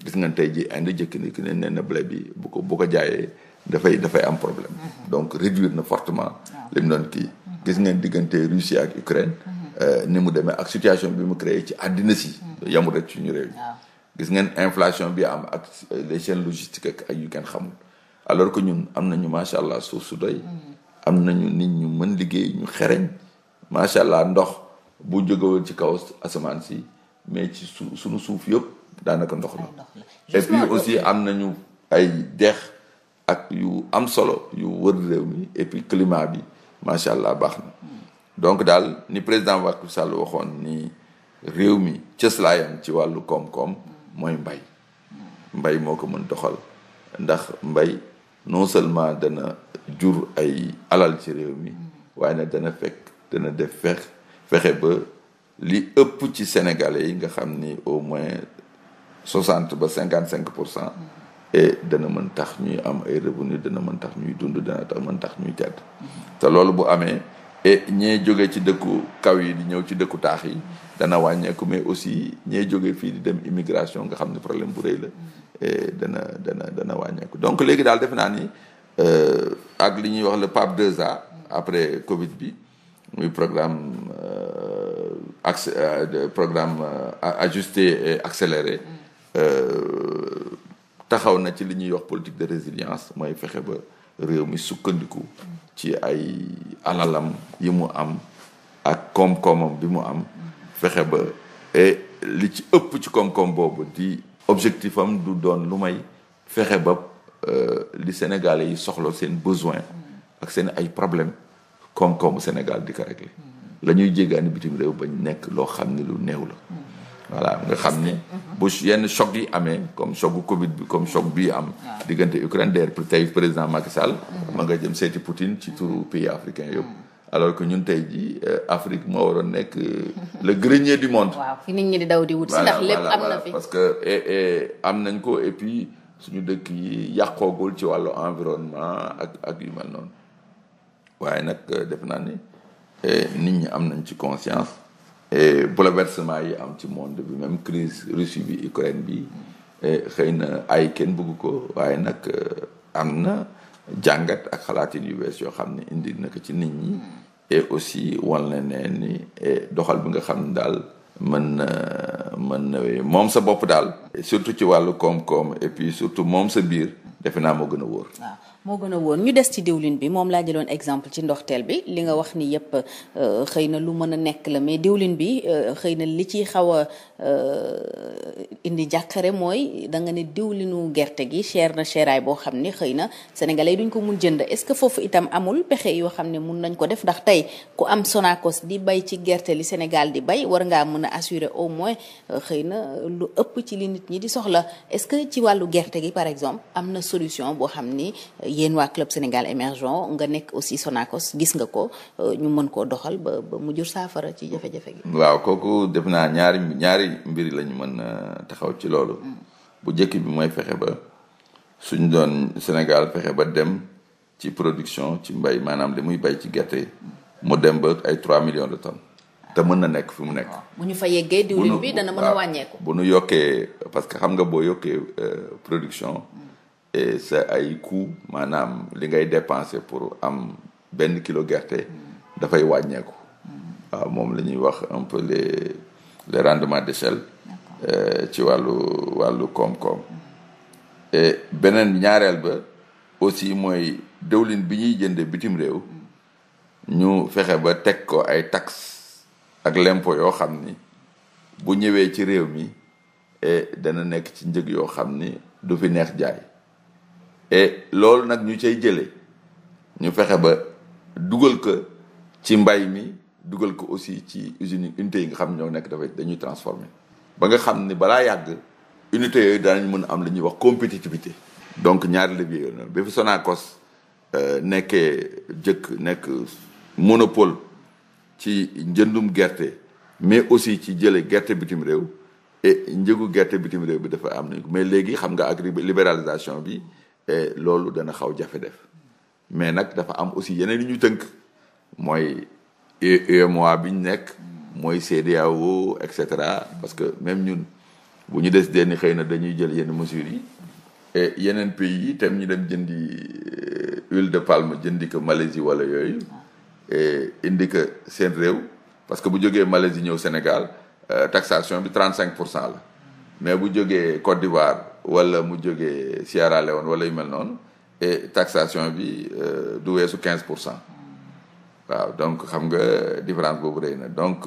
gis nga tey ji indi jëkk ni ki ne nee na blé bi bu ko bu jaayee dafay dafay am problème mhm. donc réduire na fortement li mu doon kii gis ngeen diggante Russie ak Ukraine mhm. Euh, ni mu demee ak situation bi mu créé ci àddina si. Hmm. yamul rek ci ñu réew gis ngeen inflation bi am ak les chaînes logistiques ak yu kenn xamul alors que ñun am nañu macha allah suuf su dey hmm. am nañu nit ñu mën liggéey ñu xereñ macha allah ndox bu jógewul ci kaw asamaan si mais ci su suñu suuf yëpp daanaka ndox la. et aussi euh, am nañu ay dex ak yu am solo yu wër réew mi et climat bi macha allah baax na. Hmm. donc daal ni président Macky Sall waxoon nii réew mi cëslaayam ci wàllu koom-koom mooy mbay mbay moo ko mën doxal ndax mbay non seulement dana jur ay alal ci réew mi waaye nag dana fekk dana def fex fexe ba li ëpp ci sénégalais yi nga xam ni au moins soixante ba cinquante cinq pour cent et dana mën tax ñuy am ay revenu dana mën tax ñuy dund dana mën tax ñuy tedd te loolu bu amee et ñee jóge ci dëkku kaw yi di ñëw ci dëkku taax yi dana wàññeeku mais aussi ñee jóge fii di dem immigration nga xam ne problème bu rëy la et dana dana dana wàññeeku donc léegi daal defe naa ni euh, ak li ñuy wax le PAP 2A après Covid bi muy programme euh, accès euh, programme ajusté et accéléré taxaw na ci li ñuy wax politique de résilience mooy fexe ba réew mi sukkandiku ci ay alalam yi mu am ak koom-koomam bi mu am fexe ba li ci ëpp ci koom-koom boobu di objectif am du doon lu may fexe ba euh, li Sénégalais yi soxla seen besoin ak seen ay problème koom-koomu Sénégal di ko régler hmm. la ñuy jéggaani bitim réew ba nekk loo xam ne lu néew la voilà nga xam ni bu yenn choc yi amee comme choc bu bi comme choc bii am diggante Ukraine d'ailleurs pour président Macky Sall ma nga jëm seeti Poutine ci turu pays africain yëpp mm. alors que ñun tey jii euh, Afrique moo waroon nekk euh, le grenier du monde waaw fi nit ñi di daw di wut si ndax lépp am na fi parce que am nañ ko et puis suñu dëkk yi yàqoogul ci wàllu environnement ak ak yu mel noonu waaye nag euh, def naa ni eh, nit ñi am nañ ci conscience et bouleversement yi am ci monde bi même crise Russie bi Ukraine bi xëy na ay kenn bëgg ko waaye nag euh, am na jàngat ak xalaatin yu bees yoo xam ne indi na ko ci nit ñi et aussi wan na ne ni doxal bi nga xam ne daal mën na mën na moom sa bopp daal surtout ci wàllu koom-koom et puis surtout moom sa biir defe naa moo gën a wóor moo gën a woon ñu des ci diwlin bi moom laa jëloon exemple ci ndoxteel bi li nga wax ni yépp euh, xëy na lu mën a nekk la mais diwlin bi euh, xëy na li ciy xaw a euh, indi jàqare mooy da nga ne diwlinu gerte gi cher na cheraay boo xam ne xëy na sénégalais duñ ko mun jënd est-ce que foofu itam amul pexe yoo xam ne mun nañ ko def ndax tey ku am Sonacos di bay ci gerte li Sénégal di bay war ngaa mën a assurer au moins xëy na lu ëpp ci li nit ñi di soxla est-ce que ci wàllu gerte gi par exemple am na solution boo xam ni yéen waa Club Sénégal Émergent nga nekk aussi Sonacos gis nga ko euh, ñu mën koo doxal ba ba mu jur saafara ci jafe-jafe gi. waaw kooku def naa ñaari ñaari mbir lañu mën a euh, taxaw ci loolu. Mm. bu njëkk bi mooy fexe ba suñ doon Sénégal fexe ba dem ci production ci mbay maanaam li muy bay ci gerte mu dem ba ay 3 millions de ton te mën na nekk fi mu nekk. bu ñu fa yeggee diwlin bi dana mën a wàññeeku. bu nu yokkee parce que xam nga boo yokkee euh, production. sa ay coût maanaam li ngay dépenser pour am benn kilo gerte dafay wàññeeku waaw moom lañuy wax un peu les les rendements euh, ci wàllu wàllu koom-koom beneen ñaareel ba aussi mooy dëwlin bi ñuy jënde bitim réew ñu fexe ba teg ko ay taxes ak lempo yoo xam ni bu ñëwee ci réew mi et eh, dana nekk ci njëg yoo xam ni du fi neex jaay et loolu nag ñu cay jëlee ñu fexe ba dugal ko ci mbay mi dugal ko aussi ci usines yi unités yi nga xam ne ñoo nekk dafay dañuy transformer ba nga xam ni balaa yàgg unité yooyu danañ mën a am la ñuy wax compétitivité donc ñaari levier yooyu noonu ba fi Sonacos euh, nekkee jëkk nekk monopole ci njëndum gerte mais aussi ci jële gerte bitim réew et njëgu gerte bitim réew bi dafa am nañ ko mais léegi xam nga ak libéralisation bi loolu dana xaw jafe def mais nag dafa am aussi yeneen yi ñu tënk mooy UEMOA e bi ñu nekk mooy CEDEAO et cetera parce que même ñun bu ñu des denn xëy na dañuy jël yenn mesures yi et yeneen pays yi tam ñu dem jëndi euh, huile de palme jëndi ko Malaisie wala yooyu et indi ko seen réew parce que bu jógee Malaisie ñëw Sénégal euh, taxation bi trent cinq pour cent la mais bu jógee Côte d'Ivoire wala mu jógee Sierra Leone wala yu mel noonu et taxation bi euh, du weesu quinze pour cent waaw donc xam nga différence boobu rëy na donc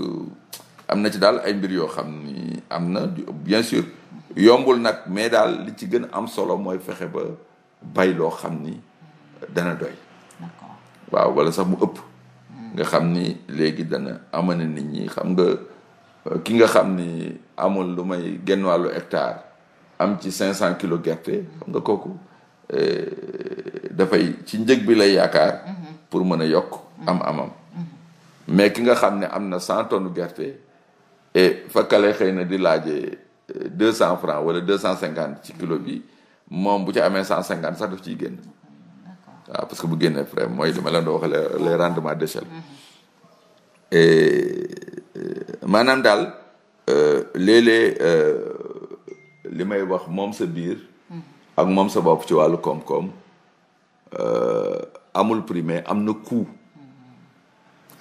am na ci daal ay mbir yoo xam ni am na bien sûr yombul nag mais daal li ci gën a am solo mooy fexe ba bay loo xam ni dana doy waaw wala sax mu ëpp nga xam ni léegi dana amana nit ñi xam nga ki nga xam ni amul lu may genn wàllu hectare am ci cinq cent kilos gerte xam nga kooku eh, dafay ci njëg bi lay yaakaar pour mën a yokk am amam mais ki nga xam ne am na cent tonnes gerte et fakkale xëy na di laajee eh, deux cent francs wala deux cent cinquante ci kilo bi moom bu ci amee cent cinquante sax daf ciy génn waaw parce que bu génnee frais mooy dama leen doo wax les rendements d'échelle mm-hmm. eh, maanaam daal euh, léeg-léeg euh, li may wax moom sa biir ak moom sa bopp ci wàllu koom-koom euh, amul prix mais am na coût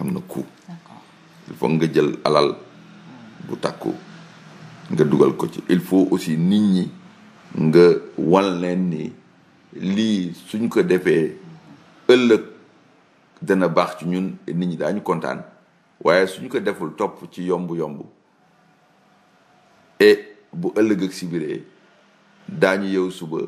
am na coût il faut nga jël alal bu takku nga dugal ko ci il faut aussi nit ñi nga wan leen ni lii suñ ko defee ëllëg dana baax ci ñun nit ñi daañu kontaan waaye suñ ko deful topp ci yomb-yomb bu ëllëg ak si biree daañu yow suba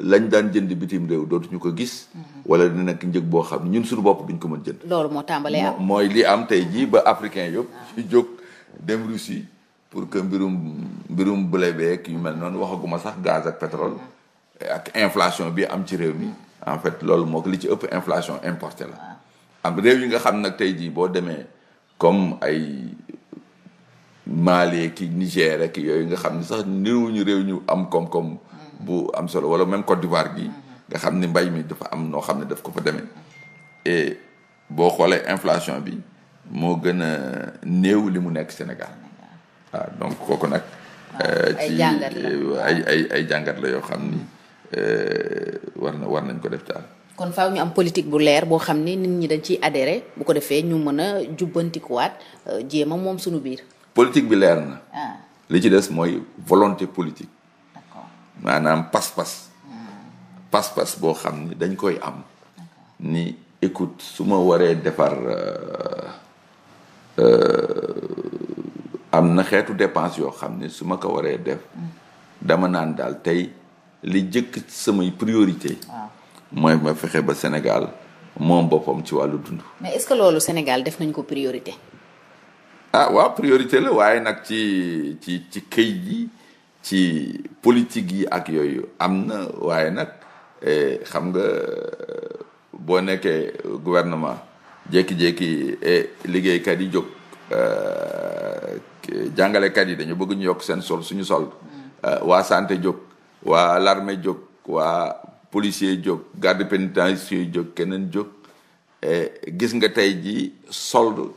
lañ daan jënd bitim réew dootuñu ko gis. Mhm. wala dina nekk njëg boo xam ne ñun suñu bopp duñ ko mën jënd. loolu moo tàmbalee mooy li am tey jii ba africain yëpp. ñu ah. jóg dem Russie pour que mbirum mbirum blé beeg yu mel noonu waxaguma sax gaz ak pétrole. Mhm. ak inflation bi am ci réew mi. Mhm. en fait loolu moo ko li ci ëpp inflation importée la. Ah. am réew yi nga xam nag tey jii boo demee comme ay. Mali ki Niger ak yooyu nga xam ne sax ñu réew ñu am koom-koom bu am solo wala même Côte d'Ivoire gi nga xam ne mbay mi dafa am noo xam ne daf ko fa demee et boo xoolee inflation bi moo gën a néew li mu nekk Sénégal waaw ah, donc kooku nag ah, euh, ci euh, ay jàngat la yoo xam ni euh, war na war nañ ko def daal kon faaw ñu am politique bu leer boo xam ni nit ñi dañ ciy adhéré bu ko defee ñu mën a jubbantikuwaat jéem moom suñu biir politique bi leer na. Ah. li ci des mooy volonté politique. maanaam pas-pas. pas-pas boo xam ni dañ koy am. ni écoute su ma waree defar euh, euh, am na xeetu dépense yoo xam ni su ma ko waree def. Mm. dama naan daal tey li jëkk samay priorité. mooy ma fexe ba Sénégal moom boppam ci wàllu dund. mais est loolu Sénégal def nañ ko priorité. ah waa priorité la waaye nag ci ci ci këyit yi ci politique yi ak yooyu am na waaye nag eh, xam nga boo nekkee gouvernement jékki-jékki eh, liggéeykat yi jóg eh, jàngalekat yi dañu bëgg ñu yokk seen sol suñu sol waa santé jóg waa larme jóg waa policier jóg garde pénitentiaire jóg keneen jóg gis nga tey ji solde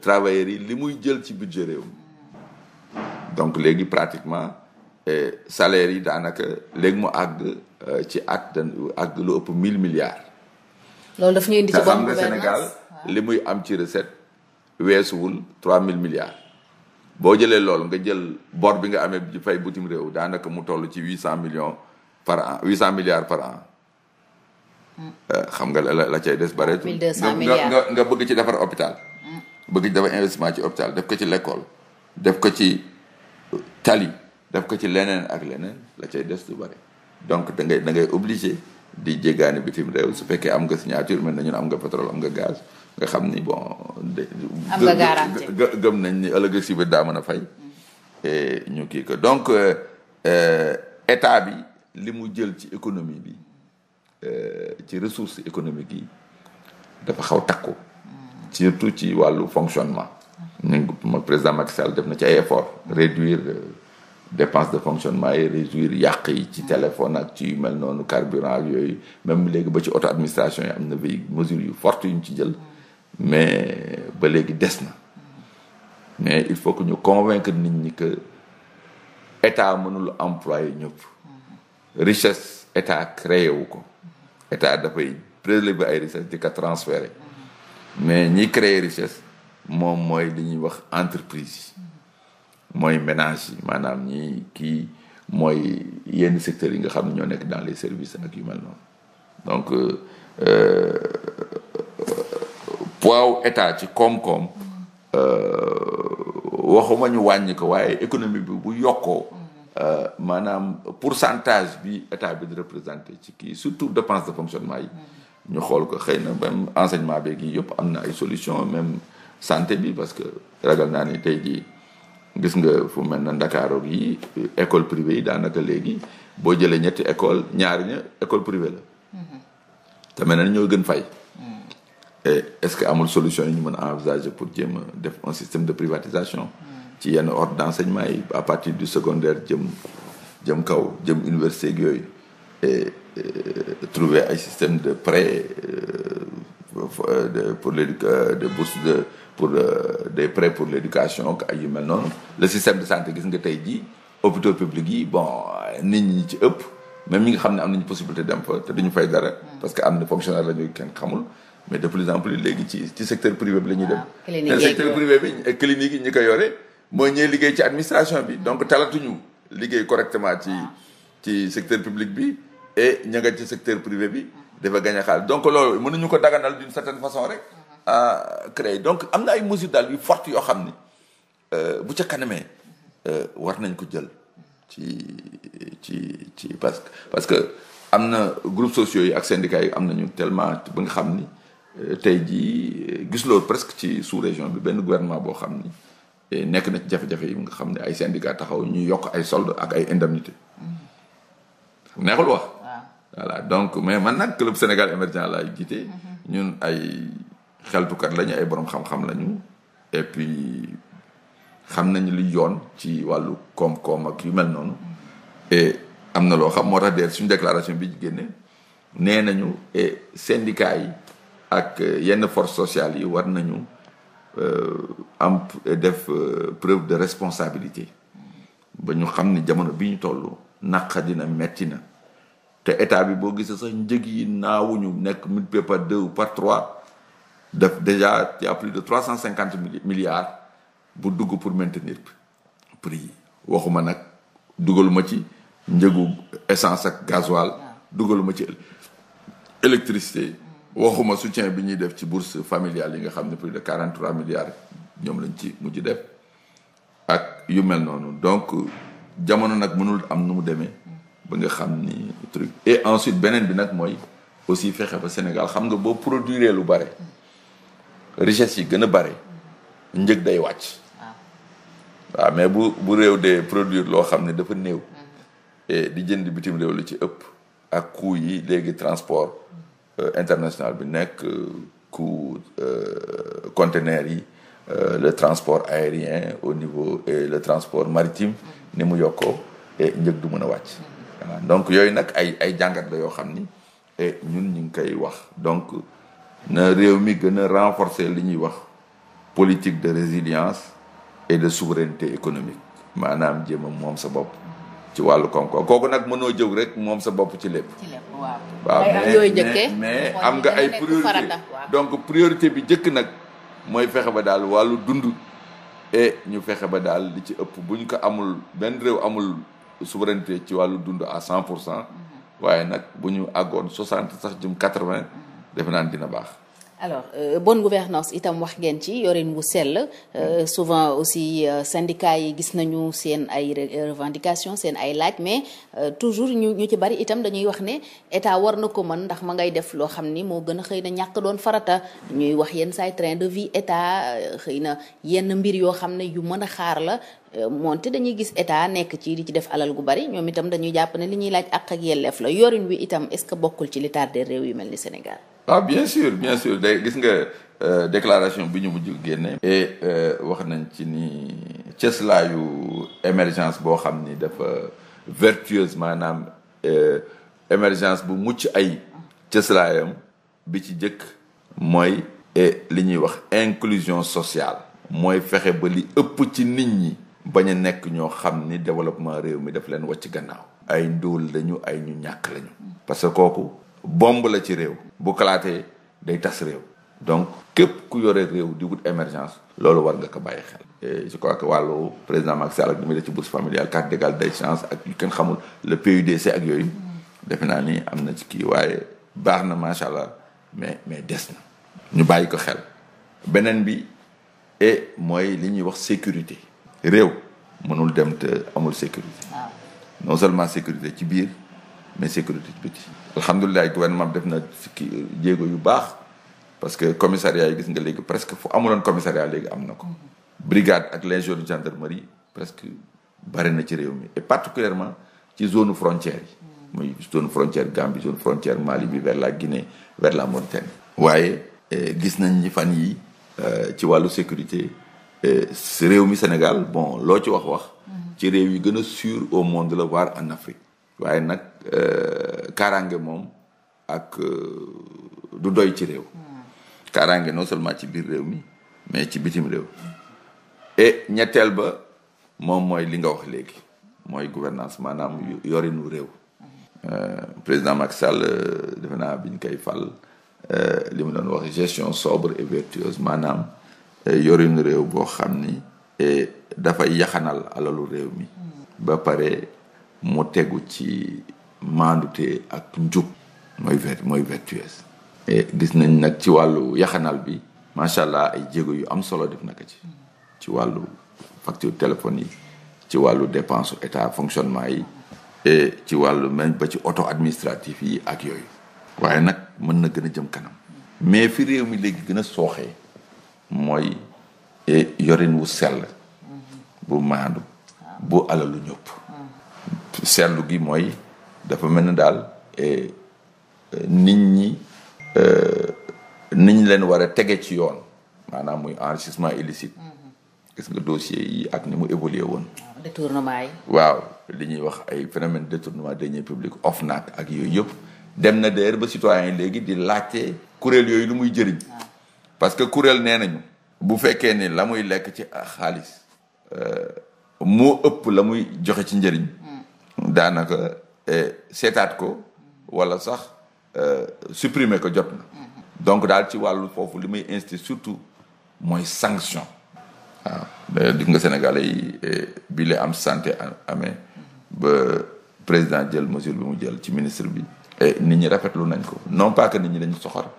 travailleurs yi li muy jël ci budget réew donc léegi pratiquement eh, salaire yi daanaka léegi mu àgg eh, ci at dan lu ëpp mille milliards. loolu daf ñuy indi ci xam nga Sénégal li muy am ci recette weesuwul mille milliards. boo jëlee loolu nga jël bor bi nga amee di fay bitim réew daanaka mu toll ci huit cent millions par an huit cent milliards par an. Hmm. Eh, xam nga la la cay des bareetul. mille deux cent nga bëgg ci defar hôpital. bëgg dafa investissement ci hôpital def ko ci lekkool def ko ci euh, tali def ko ci leneen ak leneen la cay des du bëri donc da ngay da ngay obligé di jéggaani bitim réew su fekkee am nga signature mel na ñun am nga pétrole am nga gaz nga xam ni bon. am gëm nañ ni ëllëg si biir daa mën a fay. Mm-hmm. ñu kii ko donc euh, euh, état bi li mu jël ci économie bi ci ressources économiques yi dafa xaw takku. surtout ci wàllu fonctionnement nañ ko président Macky Sall def na ci ay effort réduire euh, dépense de fonctionnement yi réduire yàq yi ci téléphone ak ci yu mel noonu carburant ak yooyu même léegi ba ci auto administration yi am na véhicule mesures yu fort yu ñu ci jël mais ba léegi des na mais il faut que ñu convaincre nit ñi que état mënul employé ñëpp richesse état créé wu ko état dafay prélever ay richesse di ko transférer mais ñi créer richesse moom mooy li ñuy wax entreprise yi mooy ménage yi maanaam ñi kii mooy yenn secteurs yi nga xam ne ñoo nekk dans les services ak yu mel noonu donc euh, euh, poids wu état ci koom-koom euh, waxuma ñu wàññi ko waaye économie bi bu yokkoo maanaam pourcentage bi état bi di représenté ci kii surtout dépense de fonctionnement yi ñu xool ko xëy na même enseignement beeg yi yëpp am na ay solution même santé bi parce que ragal naa ni tey jii gis nga fu mel na Ndakaaru yi école privée yi daanaka léegi boo jëlee ñetti école ñaari ña école privée la mm-hmm. te mel na ñoo gën fay mm-hmm. et est-ce que amul solution yi ñu mën a envisager pour jéem def un système de privatisation mm-hmm. ci yenn ordre d'enseignement yi à partir du secondaire jëm jëm kaw jëm université yooyu Euh, trouver ay système de prêt de euh, euh, pour le de bourse de pour des prêts pour l'éducation ak yu mel noonu le système de santé gis nga tey jii hôpitaux publics yi bon nit ñi ci ëpp même ñi nga xam ne am nañu possibilité dem fa te ñu fay dara hmm. parce que am na fonctionnaire la ñu kenn xamul mais de plus en léegi ci ci secteur privé bi la ñuy dem ah, te secteur privé bi clinique yi ñi ko yore mooy ñee liggéey ci administration bi donc talatuñu liggéey correctement ci ah. ci secteur public bi et ña nga ci secteur privé bi dafa gañ a xaalis donc loolu mënuñu ko daganal d'une certaine façon rek mhm. ah, créer donc am na ay mesures daal yu fortes yoo xam ni euh, bu ci kanamee euh, war nañ ko jël ci ci ci parce que parce que am na groupe sociaux yi ak syndicats yi am nañu tellement ba nga xam ni euh, tey jii gis loolu presque ci sous région bi benn gouvernement boo xam ni eh, nekk na ci jafe-jafe yi nga xam ne ay syndicats taxaw ñu yokk ay soldes ak ay indemnités mhm. neexul wax voilà donc mais man nag club Sénégal émergent laay jiite. ñun ay xeltukat lañu ay borom xam-xam lañu. et puis xam nañu li yoon ci wàllu koom-koom ak yu mel noonu. et am na loo xam moo tax de suñu déclaration bi génne nee nañu et syndicat yi ak yenn force sociale yi war nañu euh, am def euh, preuve de responsabilité ba ñu xam ni jamono bi ñu toll naqa dina metti na. te état bi boo gisee sax njëg yi naawuñu nekk multiplié par deux def déjà y a de trois cent cinquante milliards bu dugg pour maintenir prix yi waxuma nag dugaluma ci njëgu essence ak gasoil ah. dugaluma ci électricité waxuma soutien bi ñuy def ci bourse familiale yi nga xam ne plus de quarante trois milliards ñoom lañ ci mujj def ak yu mel noonu donc jamono nag mënul am nu mu demee ba nga xam ni truc et ensuite beneen bi nag mooy aussi fexe ba Sénégal xam nga boo produire lu bare richesse yi gën a bare njëg day wàcc waaw mais bu bu réew de produire loo xam ne dafa néew mm-hmm. di jënd bitim réew lu ci ëpp ak coût yi léegi transport euh, international bi nekk coût euh, conteneur yi euh, le transport aérien au niveau et le transport maritime mm-hmm. ni mu yokkoo njëg du mën a wàcc mm-hmm. voilà donc yooyu nag ay ay jàngat la yoo xam ni et eh, ñun ñu ngi koy wax donc na réew mi gën a renforcer li ñuy wax politique de résilience et de souveraineté économique maanaam jéem a moom sa bopp ci wàllu koom-koom kooku nag mënoo jóg rek moom sa bopp ci lépp. ci lépp waaw. waaw mais am nga ay priorité donc priorité bi njëkk nag mooy fexe ba daal wàllu dund. et ñu fexe ba daal li ci ëpp buñ ko amul benn réew amul souveraineté ci wàllu dund à cent pour cent mm-hmm. waaye nag bu ñu àggoon soixante sax jëm quatre-vingt mm-hmm. defe naan dina baax alors euh, bonne gouvernance itam wax ngeen ci yorin wu sell euh, souvent aussi euh, syndicats yi gis nañu seen ay revendication seen ay laaj mais euh, toujours ñu ñu ci bari itam dañuy wax ne état war na ko mën ndax ma ngay def loo xam ni moo gën a xëy na ñàkk doon farata ñuy wax yenn saay train de vie état euh, xëy na yenn mbir yoo xam ne yu mën a xaar la euh, moonte dañuy gis état nekk ci di ci def alal gu bari ñoom itam dañuy jàpp ne li ñuy laaj àq ak yelleef la yorin wi itam ce que bokkul ci li tardé réew yu mel ni Sénégal ah bien sûr bien sûr day gis nga euh, déclaration bi ñu mujj génne. et euh, wax nañ ci ni cëslaayu émergence boo xam ni dafa vertueuse maanaam euh, émergence bu mucc ay cëslaayam bi ci jëkk mooy et li ñuy wax inclusion sociale mooy fexe ba li ëpp ci nit ñi bañ a nekk ñoo xam ni développement réew mi daf leen wàcc gannaaw ay ndóol lañu ay ñu ñàkk lañu parce que kooku bomb la ci réew bu kalaatee day tas réew. donc képp ku yore réew di wut émergence. loolu war nga ko bàyyi xel. je crois que wàllu président Macky Sall ak li muy def ci bourse familiale carte d'égalité des chances ak yu kenn xamul le PUDC ak yooyu. defe naa ni am na ci kii waaye baax na macha allah mais mais des na. ñu bàyyi ko xel. beneen bi et mooy li ñuy wax sécurité. réew mënul dem te amul sécurité. non seulement sécurité ci biir. mais sécurité ci biti alhamdulilah gouvernement bi def na fukki yu baax parce que commissariat yi gis nga léegi presque foo amuloon commissariat léegi am na ko brigade ak légion de gendarmerie presque bari na ci réew mi et particulièrement ci zone frontière yi muy zone frontière Gambie zone frontière Mali bi vers la Guinée vers la Mauritanie waaye eh, gis nañ ni fan yi eh, ci wàllu sécurité si eh, réew mi Sénégal bon loo ci wax wax mm-hmm. ci réew yi gën a sûr au monde la voire Euh, kaaraange moom ak euh, du doy ci réew. kaaraange non seulement ci biir réew mi mais ci bitim réew. et ñetteel ba moom mooy li nga wax léegi mooy gouvernance maanaam yorinu réew. Euh, président Macky Sall defe naa biñ ñu koy fal li mu doon wax gestion sobre et vertueuse maanaam yorinu réew boo xam ni dafa yaxanal alalu réew mi. Mm. ba pare mu tegu ci maandute ak njub mooy vert vertueuse et gis nañ nag ci wàllu yaxanal bi macha allah ay jéego yu am solo def naka ci ci wàllu facture téléphone yi ci wàllu dépense état fonctionnement yi e ci wàllu même ba ci auto administratif yi ak yooyu waaye nag mën na gën a jëm kanam mais fi réew mi léegi gën a sooxee mooy eh, yorin wu sell bu maandu bu alalu ñëpp mm-hmm. sellu gi mooy dafa mel na daal e, e, nit ñi e, niñ leen war a tege ci yoon maanaam muy enrichissement illicite mm-hmm. gis nga dossier yi ak ni mu évolué woon ah, détournement waaw li ñuy wax ay phénomène détournement deniers publics OFNAC ak yooyu yëpp dem na d'ailleurs ba citoyen yi léegi di laajte kuréel yooyu lu muy jëriñ ah. parce que kuréel nee nañu bu fekkee ni la muy lekk ci xaalis moo ëpp la muy joxe ci njëriñ mm. daanaka Euh, seetaat ko wala sax euh, supprimer ko jot na donc daal ci wàllu foofu li may insisté surtout mooy sanction waaw ah, di nga Sénégalais yi eh, bi la am santé amee ba président jël mesure bi mu jël ci ministre bi eh, nit ñi rafetlu nañ ko non pas nit ñi dañu soxor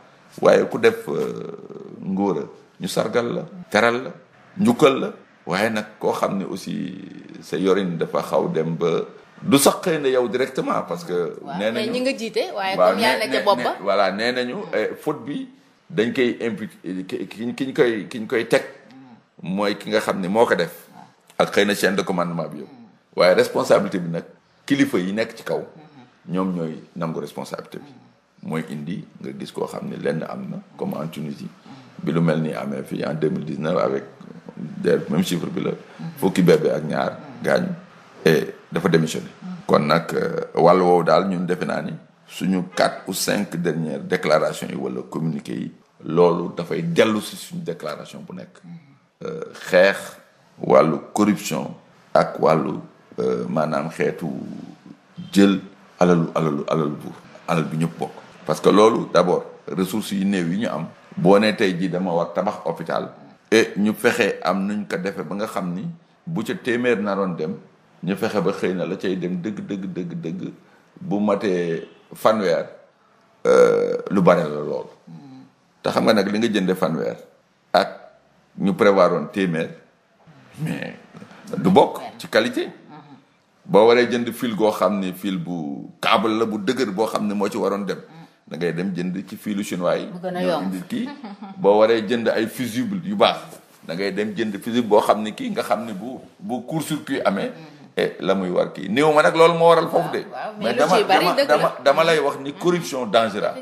waaye ku def euh, ngóora ñu sargal la teral la njukkal la waaye nag koo xam ne aussi sa yorin dafa xaw dem ba du sax xëy na yow directement parce que. nee nañu nga jiite waaye comme yaa nekk ca bopp ba voilà nee nañu eh, faute bi dañ koy imputé ki ki ñu koy ki ñu koy teg mooy ki nga xam ne moo ko def. ak xëy na chaîne de commandement bi yëpp. waaye responsabilité bi nag kilifa yi nekk ci kaw. Mm-hmm. ñoom ñooy nangu responsabilité bi. Mm-hmm. mooy indi nga gis koo xam ne lenn am na comme en Tunisie. Mm-hmm. bi lu mel ni amee fii en deux mille dix neuf avec même chiffre bi la. fukki bébé ak ñaar gaañu dafa démissionné. kon nag euh, wàll woowu daal ñun defe naa ni suñu quatre ou cinq dernières déclarations yi wala communiqué yi. loolu dafay dellu si suñu déclaration bu nekk. Euh, xeex wàllu corruption. ak wàllu euh, maanaam xeetu jël alalu alalu alalu buur alal bi ñëpp bokk. parce que loolu d'abord ressources yu néew yi ñu am. boo nee tey jii dama war tabax hôpital. et ñu fexe am nañ ko defee ba nga xam ni bu ca téeméer naroon dem. ñu fexe ba xëy na la cay dem dëgg dëgg dëgg dëgg bu matee fanweer euh, lu bare la lool te xam nga nag li nga jënde fanweer ak ñu prévoir woon téeméer du bokk ci qualité boo waree jënd fil goo xam ni fil bu câble la bu dëggër boo xam ne moo ci waroon dem da ngay dem jënd ci filu chinois yi kii boo waree jënd ay fusible yu baax na ngay dem jënd fusible boo xam ni kii nga xam ni bu bu court circuit amee Eh, la muy war kii néew ma nag loolu moo waral foofu de mais dama dama dama lay wax ni hmm. corruption dangereux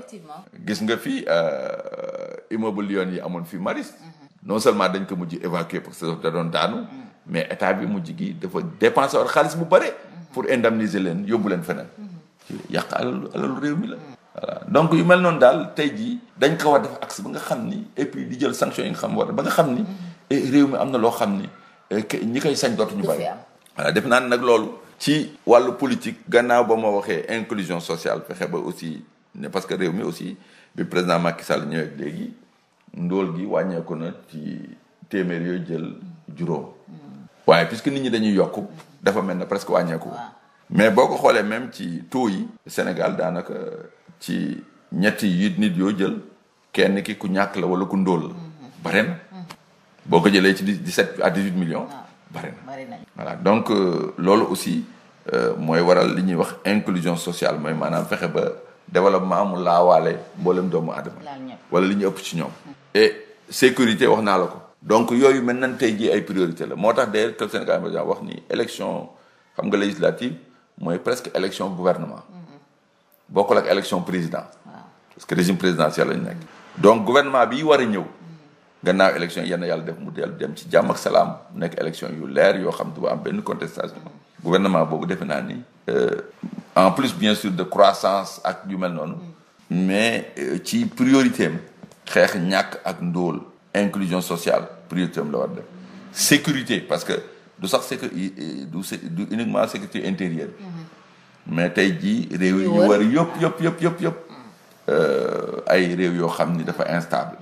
gis nga fii euh, immeuble yoon yi amoon fii Maris hmm. non seulement dañ ko mujj évacuer parce que da daanu hmm. mais état bi mujj gi dafa dépenser war xaalis bu bare pour indemniser leen yóbbu leen feneen yàq alalu alalu réew mi la donc yu mel noonu daal tey jii dañ ko war def axe ba nga xam ni et puis di jël sanction yi nga xam war ba nga xam ni eh, réew mi am na loo xam ni eh, ñi koy sañ dootuñu bari voilà euh, def naa ne nag loolu. ci wàllu politique gannaaw ba moo waxee inclusion sociale fexe ba aussi ne parce que réew mi aussi bi président Macky Sall ñëwee léegi ndóol gi wàññeeku na ci téeméer yooyu jël juróom. Mm. waaye puisque nit ñi dañuy yokk dafa mel ne presque wàññeeku. Ah. mais boo ko xoolee même ci taux yi. Sénégal daanaka ci ñetti yi nit yoo jël kenn ki ku ñàkk la wala ku ndóol la. Mm-hmm. bare na mm-hmm. boo ko jëlee ci dix-sept à dix-huit millions. Ah. bari na voilà donc euh, loolu aussi euh, mooy waral li ñuy wax inclusion sociale mooy maanaam fexe ba développement laa waale mboolem doomu adama aadama wala li ñu ëpp ci ñoom e sécurité wax naa la ko donc yooyu mel nan tey jii ay priorité la moo tax d'ailleurs Club Sénégal Émergent wax ni élection xam nga législative mooy presque élection gouvernement mm-hmm. bokkul ak élection président parce que régime présidentiel lañu nekk donc gouvernement bi war a ñëw gannaaw élection yenn yàlla def mu dellu dem ci jàmm ak salaam nekk élection yu leer yoo xam du am benn contestation gouvernement boobu defe naa ni euh, en plus bien sûr de croissance ak yu mel noonu mais euh, ci priorité xeex ñàkk ak ndóol inclusion sociale priorité la war def sécurité parce que du sax sécu du uniquement sécurité intérieure mm-hmm. mais tey ji réew yi war yëpp yëpp yëpp yëpp euh, ay réew yoo xam ni dafa instable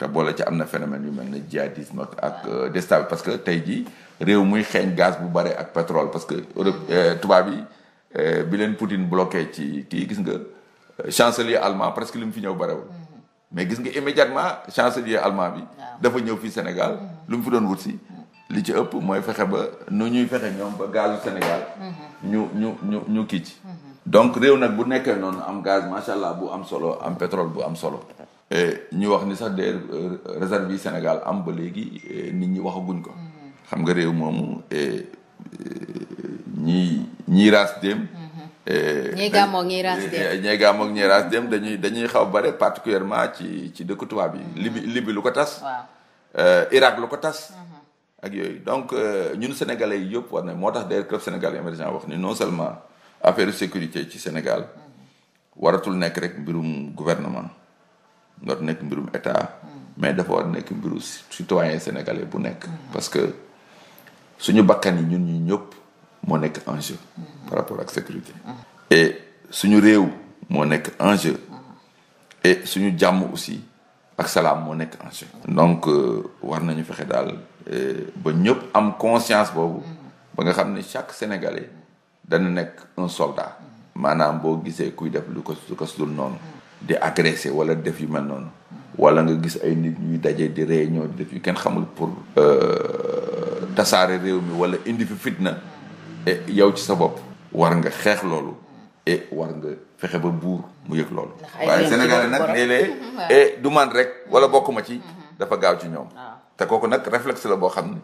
te boole ci am na phénomène yu mel ne djihadisme ak euh, déstabilisation parce que tey jii réew muy xeeñ gaz bu bare ak pétrole parce que Europe euh, tubaab yi euh, bi leen Poutine bloqué ci kii gis nga chancelier allemand presque li mu fi ñëw barewul mm-hmm. mais gis nga immédiatement chancelier allemand bi dafa ñëw fii Sénégal mm-hmm. lu mu fi doon wut si mm-hmm. li ci ëpp mooy fexe ba nu ñuy fexe ñoom ba gazu Sénégal ñu ñu ñu ñu kii ci donc réew nag bu nekkee noonu am gaz macha allah bu am solo am pétrole bu am solo Eh, ñu wax ni sax des euh, réserves yi Sénégal am ba léegi eh, nit ñi waxaguñ ko. Mm-hmm. xam nga réew moomu ñi eh, ñii raas dem. Mm-hmm. ñii gàmmoog ñii raas dem dañuy dañuy xaw bare particulièrement ci ci dëkku bi yi. Mm-hmm. lu ko tas. waaw Irak lu ko tas. ak yooyu donc euh, ñun sénégalais yi yëpp war na moo tax d'ailleurs club Sénégal émergent wax ni non seulement affaire sécurité ci Sénégal waratul nekk rek mbirum gouvernement. dootu nekk mbirum état mais dafa war nekk mbiru citoyen sénégalais bu nekk parce que suñu bakkan yi ñun ñu ñëpp moo nekk enjeu par rapport ak sécurité et suñu réew moo nekk enjeu et suñu jàmm aussi ak salaam moo nekk enjeu donc euh, war nañu fexe daal euh, ba ñëpp am conscience boobu ba nga xam ne chaque sénégalais dana nekk un soldat maanaam boo gisee kuy def lu ko lu ko sudul noonu di agressé wala def yu mel noonu wala nga gis ay nit ñuy daje di réunion di def yu kenn xamul pour euh, tasaare réew mi wala indi fi fitna et yow ci sa bopp war nga xeex loolu war nga fexe ba buur mu yëg loolu waaye sénégalais nag léeg-léeg et du man rek wala bokkuma ci mm-hmm. dafa gaaw ci ñoom te kooku nag réflexe la boo xam ne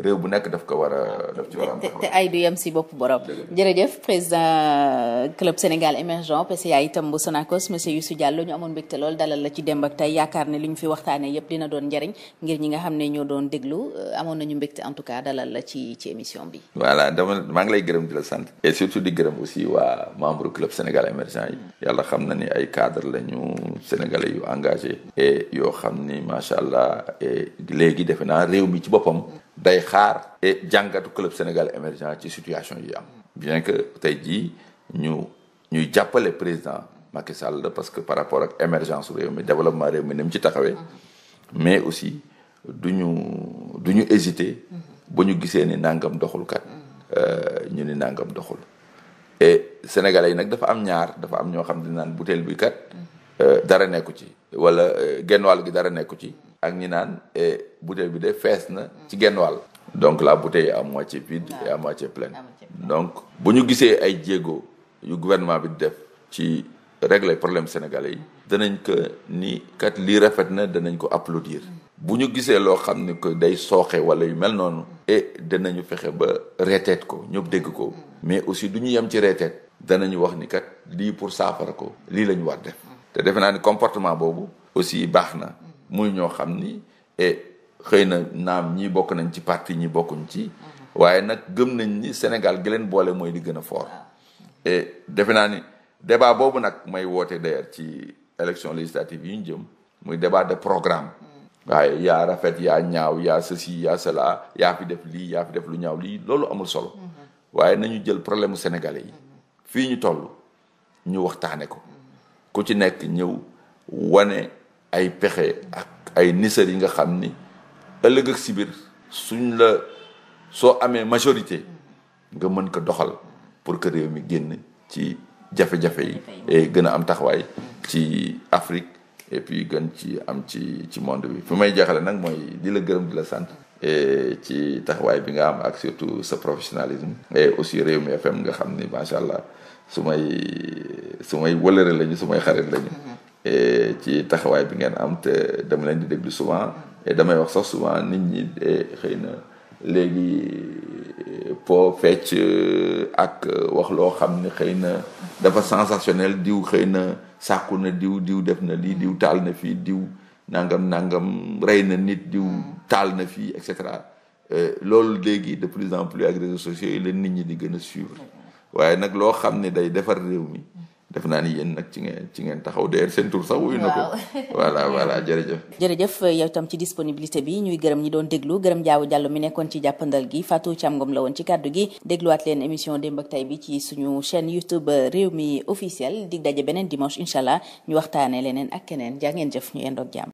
réew bu nekk daf ko war a ah, daf ci war a te ay du yem si bopp borom jërëjëf président euh, club Sénégal émergent PCA itam bu Sonacos monsieur Youssou Diallo ñu amoon mbégte lool dalal la ci démb ak tey yaakaar ne li ñu fi waxtaane yépp dina doon njariñ ngir ñi nga xam ne ñoo doon déglu euh, amoon nañu mbégte en tout cas dalal la ci ci émission bi voilà dama maa ngi lay gërëm di la sant et surtout di gërëm aussi waa membre club Sénégal émergent yi mm. yàlla xam na ni ay cadre lañu sénégalais yu engagé et yoo xam ni macha allah léegi defe naa réew mi ci boppam day xaar et jàngatu club Sénégal émergent ci situation yi am bien que tey jii ñu ñuy jàppale président Macky Sall la parce que par rapport ak émergence réew mi développement réew mi ni mu ci taxawee mais aussi du ñu du ñu hésiter bu ñu gisee ni nangam doxul kat euh, ñu ni nangam doxul et sénégalais yi nag dafa am ñaar dafa am ñoo xam ne naan butéel bi kat euh, dara nekku ci wala euh, genn wàll gi dara nekku ci ak ñi naan et eh, bouteille bi de fees na ci genn wàll donc la bouteille est à ci vide et à moitié pleine donc bu ñu gisee ay jéego yu gouvernement bi def ci régler problème sénégalais yi danañ ni kat lii rafet na danañ ko applaudir bu ñu gisee loo xam ne que day sooxe wala yu mel noonu et eh, danañu fexe ba reeteet ko ñëpp dégg ko mais aussi du ñu yem ci reeteet danañu wax ni kat lii pour saafara ko lii la ñu war def te defe naa ni comportement boobu aussi baax na muy ñoo xam ni et xëy na naam ñii bokk nañ ci parti ñi bokkuñ ci waaye nag gëm nañ ni Sénégal gi leen boole mooy di gën a fort et defe naa ni débat boobu nag may woote d'ailleurs ci élection législative yi ñu jëm muy débat de programme waaye yaa rafet yaa ñaaw yaa ceci yaa cela yaa fi def lii yaa fi def lu ñaaw lii loolu amul solo waaye nañu jël problème sénégalais yi fii ñu toll ñu waxtaane ko ku ci nekk ñëw wane ay pexe ak ay nisar yi nga xam ni ëllëg ak si biir suñ la soo amee majorité nga mën ko doxal pour que réew mi génn ci jafe-jafe yi et gën a am taxawaay ci Afrique et puis gën ci am ci ci monde bi fi may jeexale nag mooy di la gërëm di la sant ci taxawaay bi nga am ak surtout sa professionnalisme et aussi réew mi FM nga xam ni macha allah su may su may wëlëre lañu su may xarit lañu mm-hmm. Eh, ci taxawaay bi ngeen am te dama leen di déglu souvent et damay wax sax souvent nit ñi eh, xëy na léegi eh, po fecc ak wax loo xam ne xëy na dafa sensationnel diw xëy na sàkku na diw diw def na lii diw taal na fii diw nangam nangam rey na nit diw mm. taal na fii et cetera loolu léegi de plus en plus ak réseaux sociaux yi leen nit ñi di gën a suivre mm-hmm. waaye nag loo xam ne day defar réew mi mm-hmm. def naa ni yéen nag ci ngeen ci ngeen taxaw deer seen tur sax wuyu na ko voilà voilà jërëjëf jërëjëf yow tam ci disponibilité bi ñuy gërëm ñi doon déglu gërëm jaawu jàll mi nekkoon ci jàppandal gi Fatou Thiam Ngom la woon ci kàddu gi dégluwaat leen émission démb ak tay bi ci suñu chaîne YouTube réew mi officiel dig daje beneen dimanche incha allah ñu waxtaanee leneen ak keneen jàngeen ngeen jëf ñu yendoog jàmm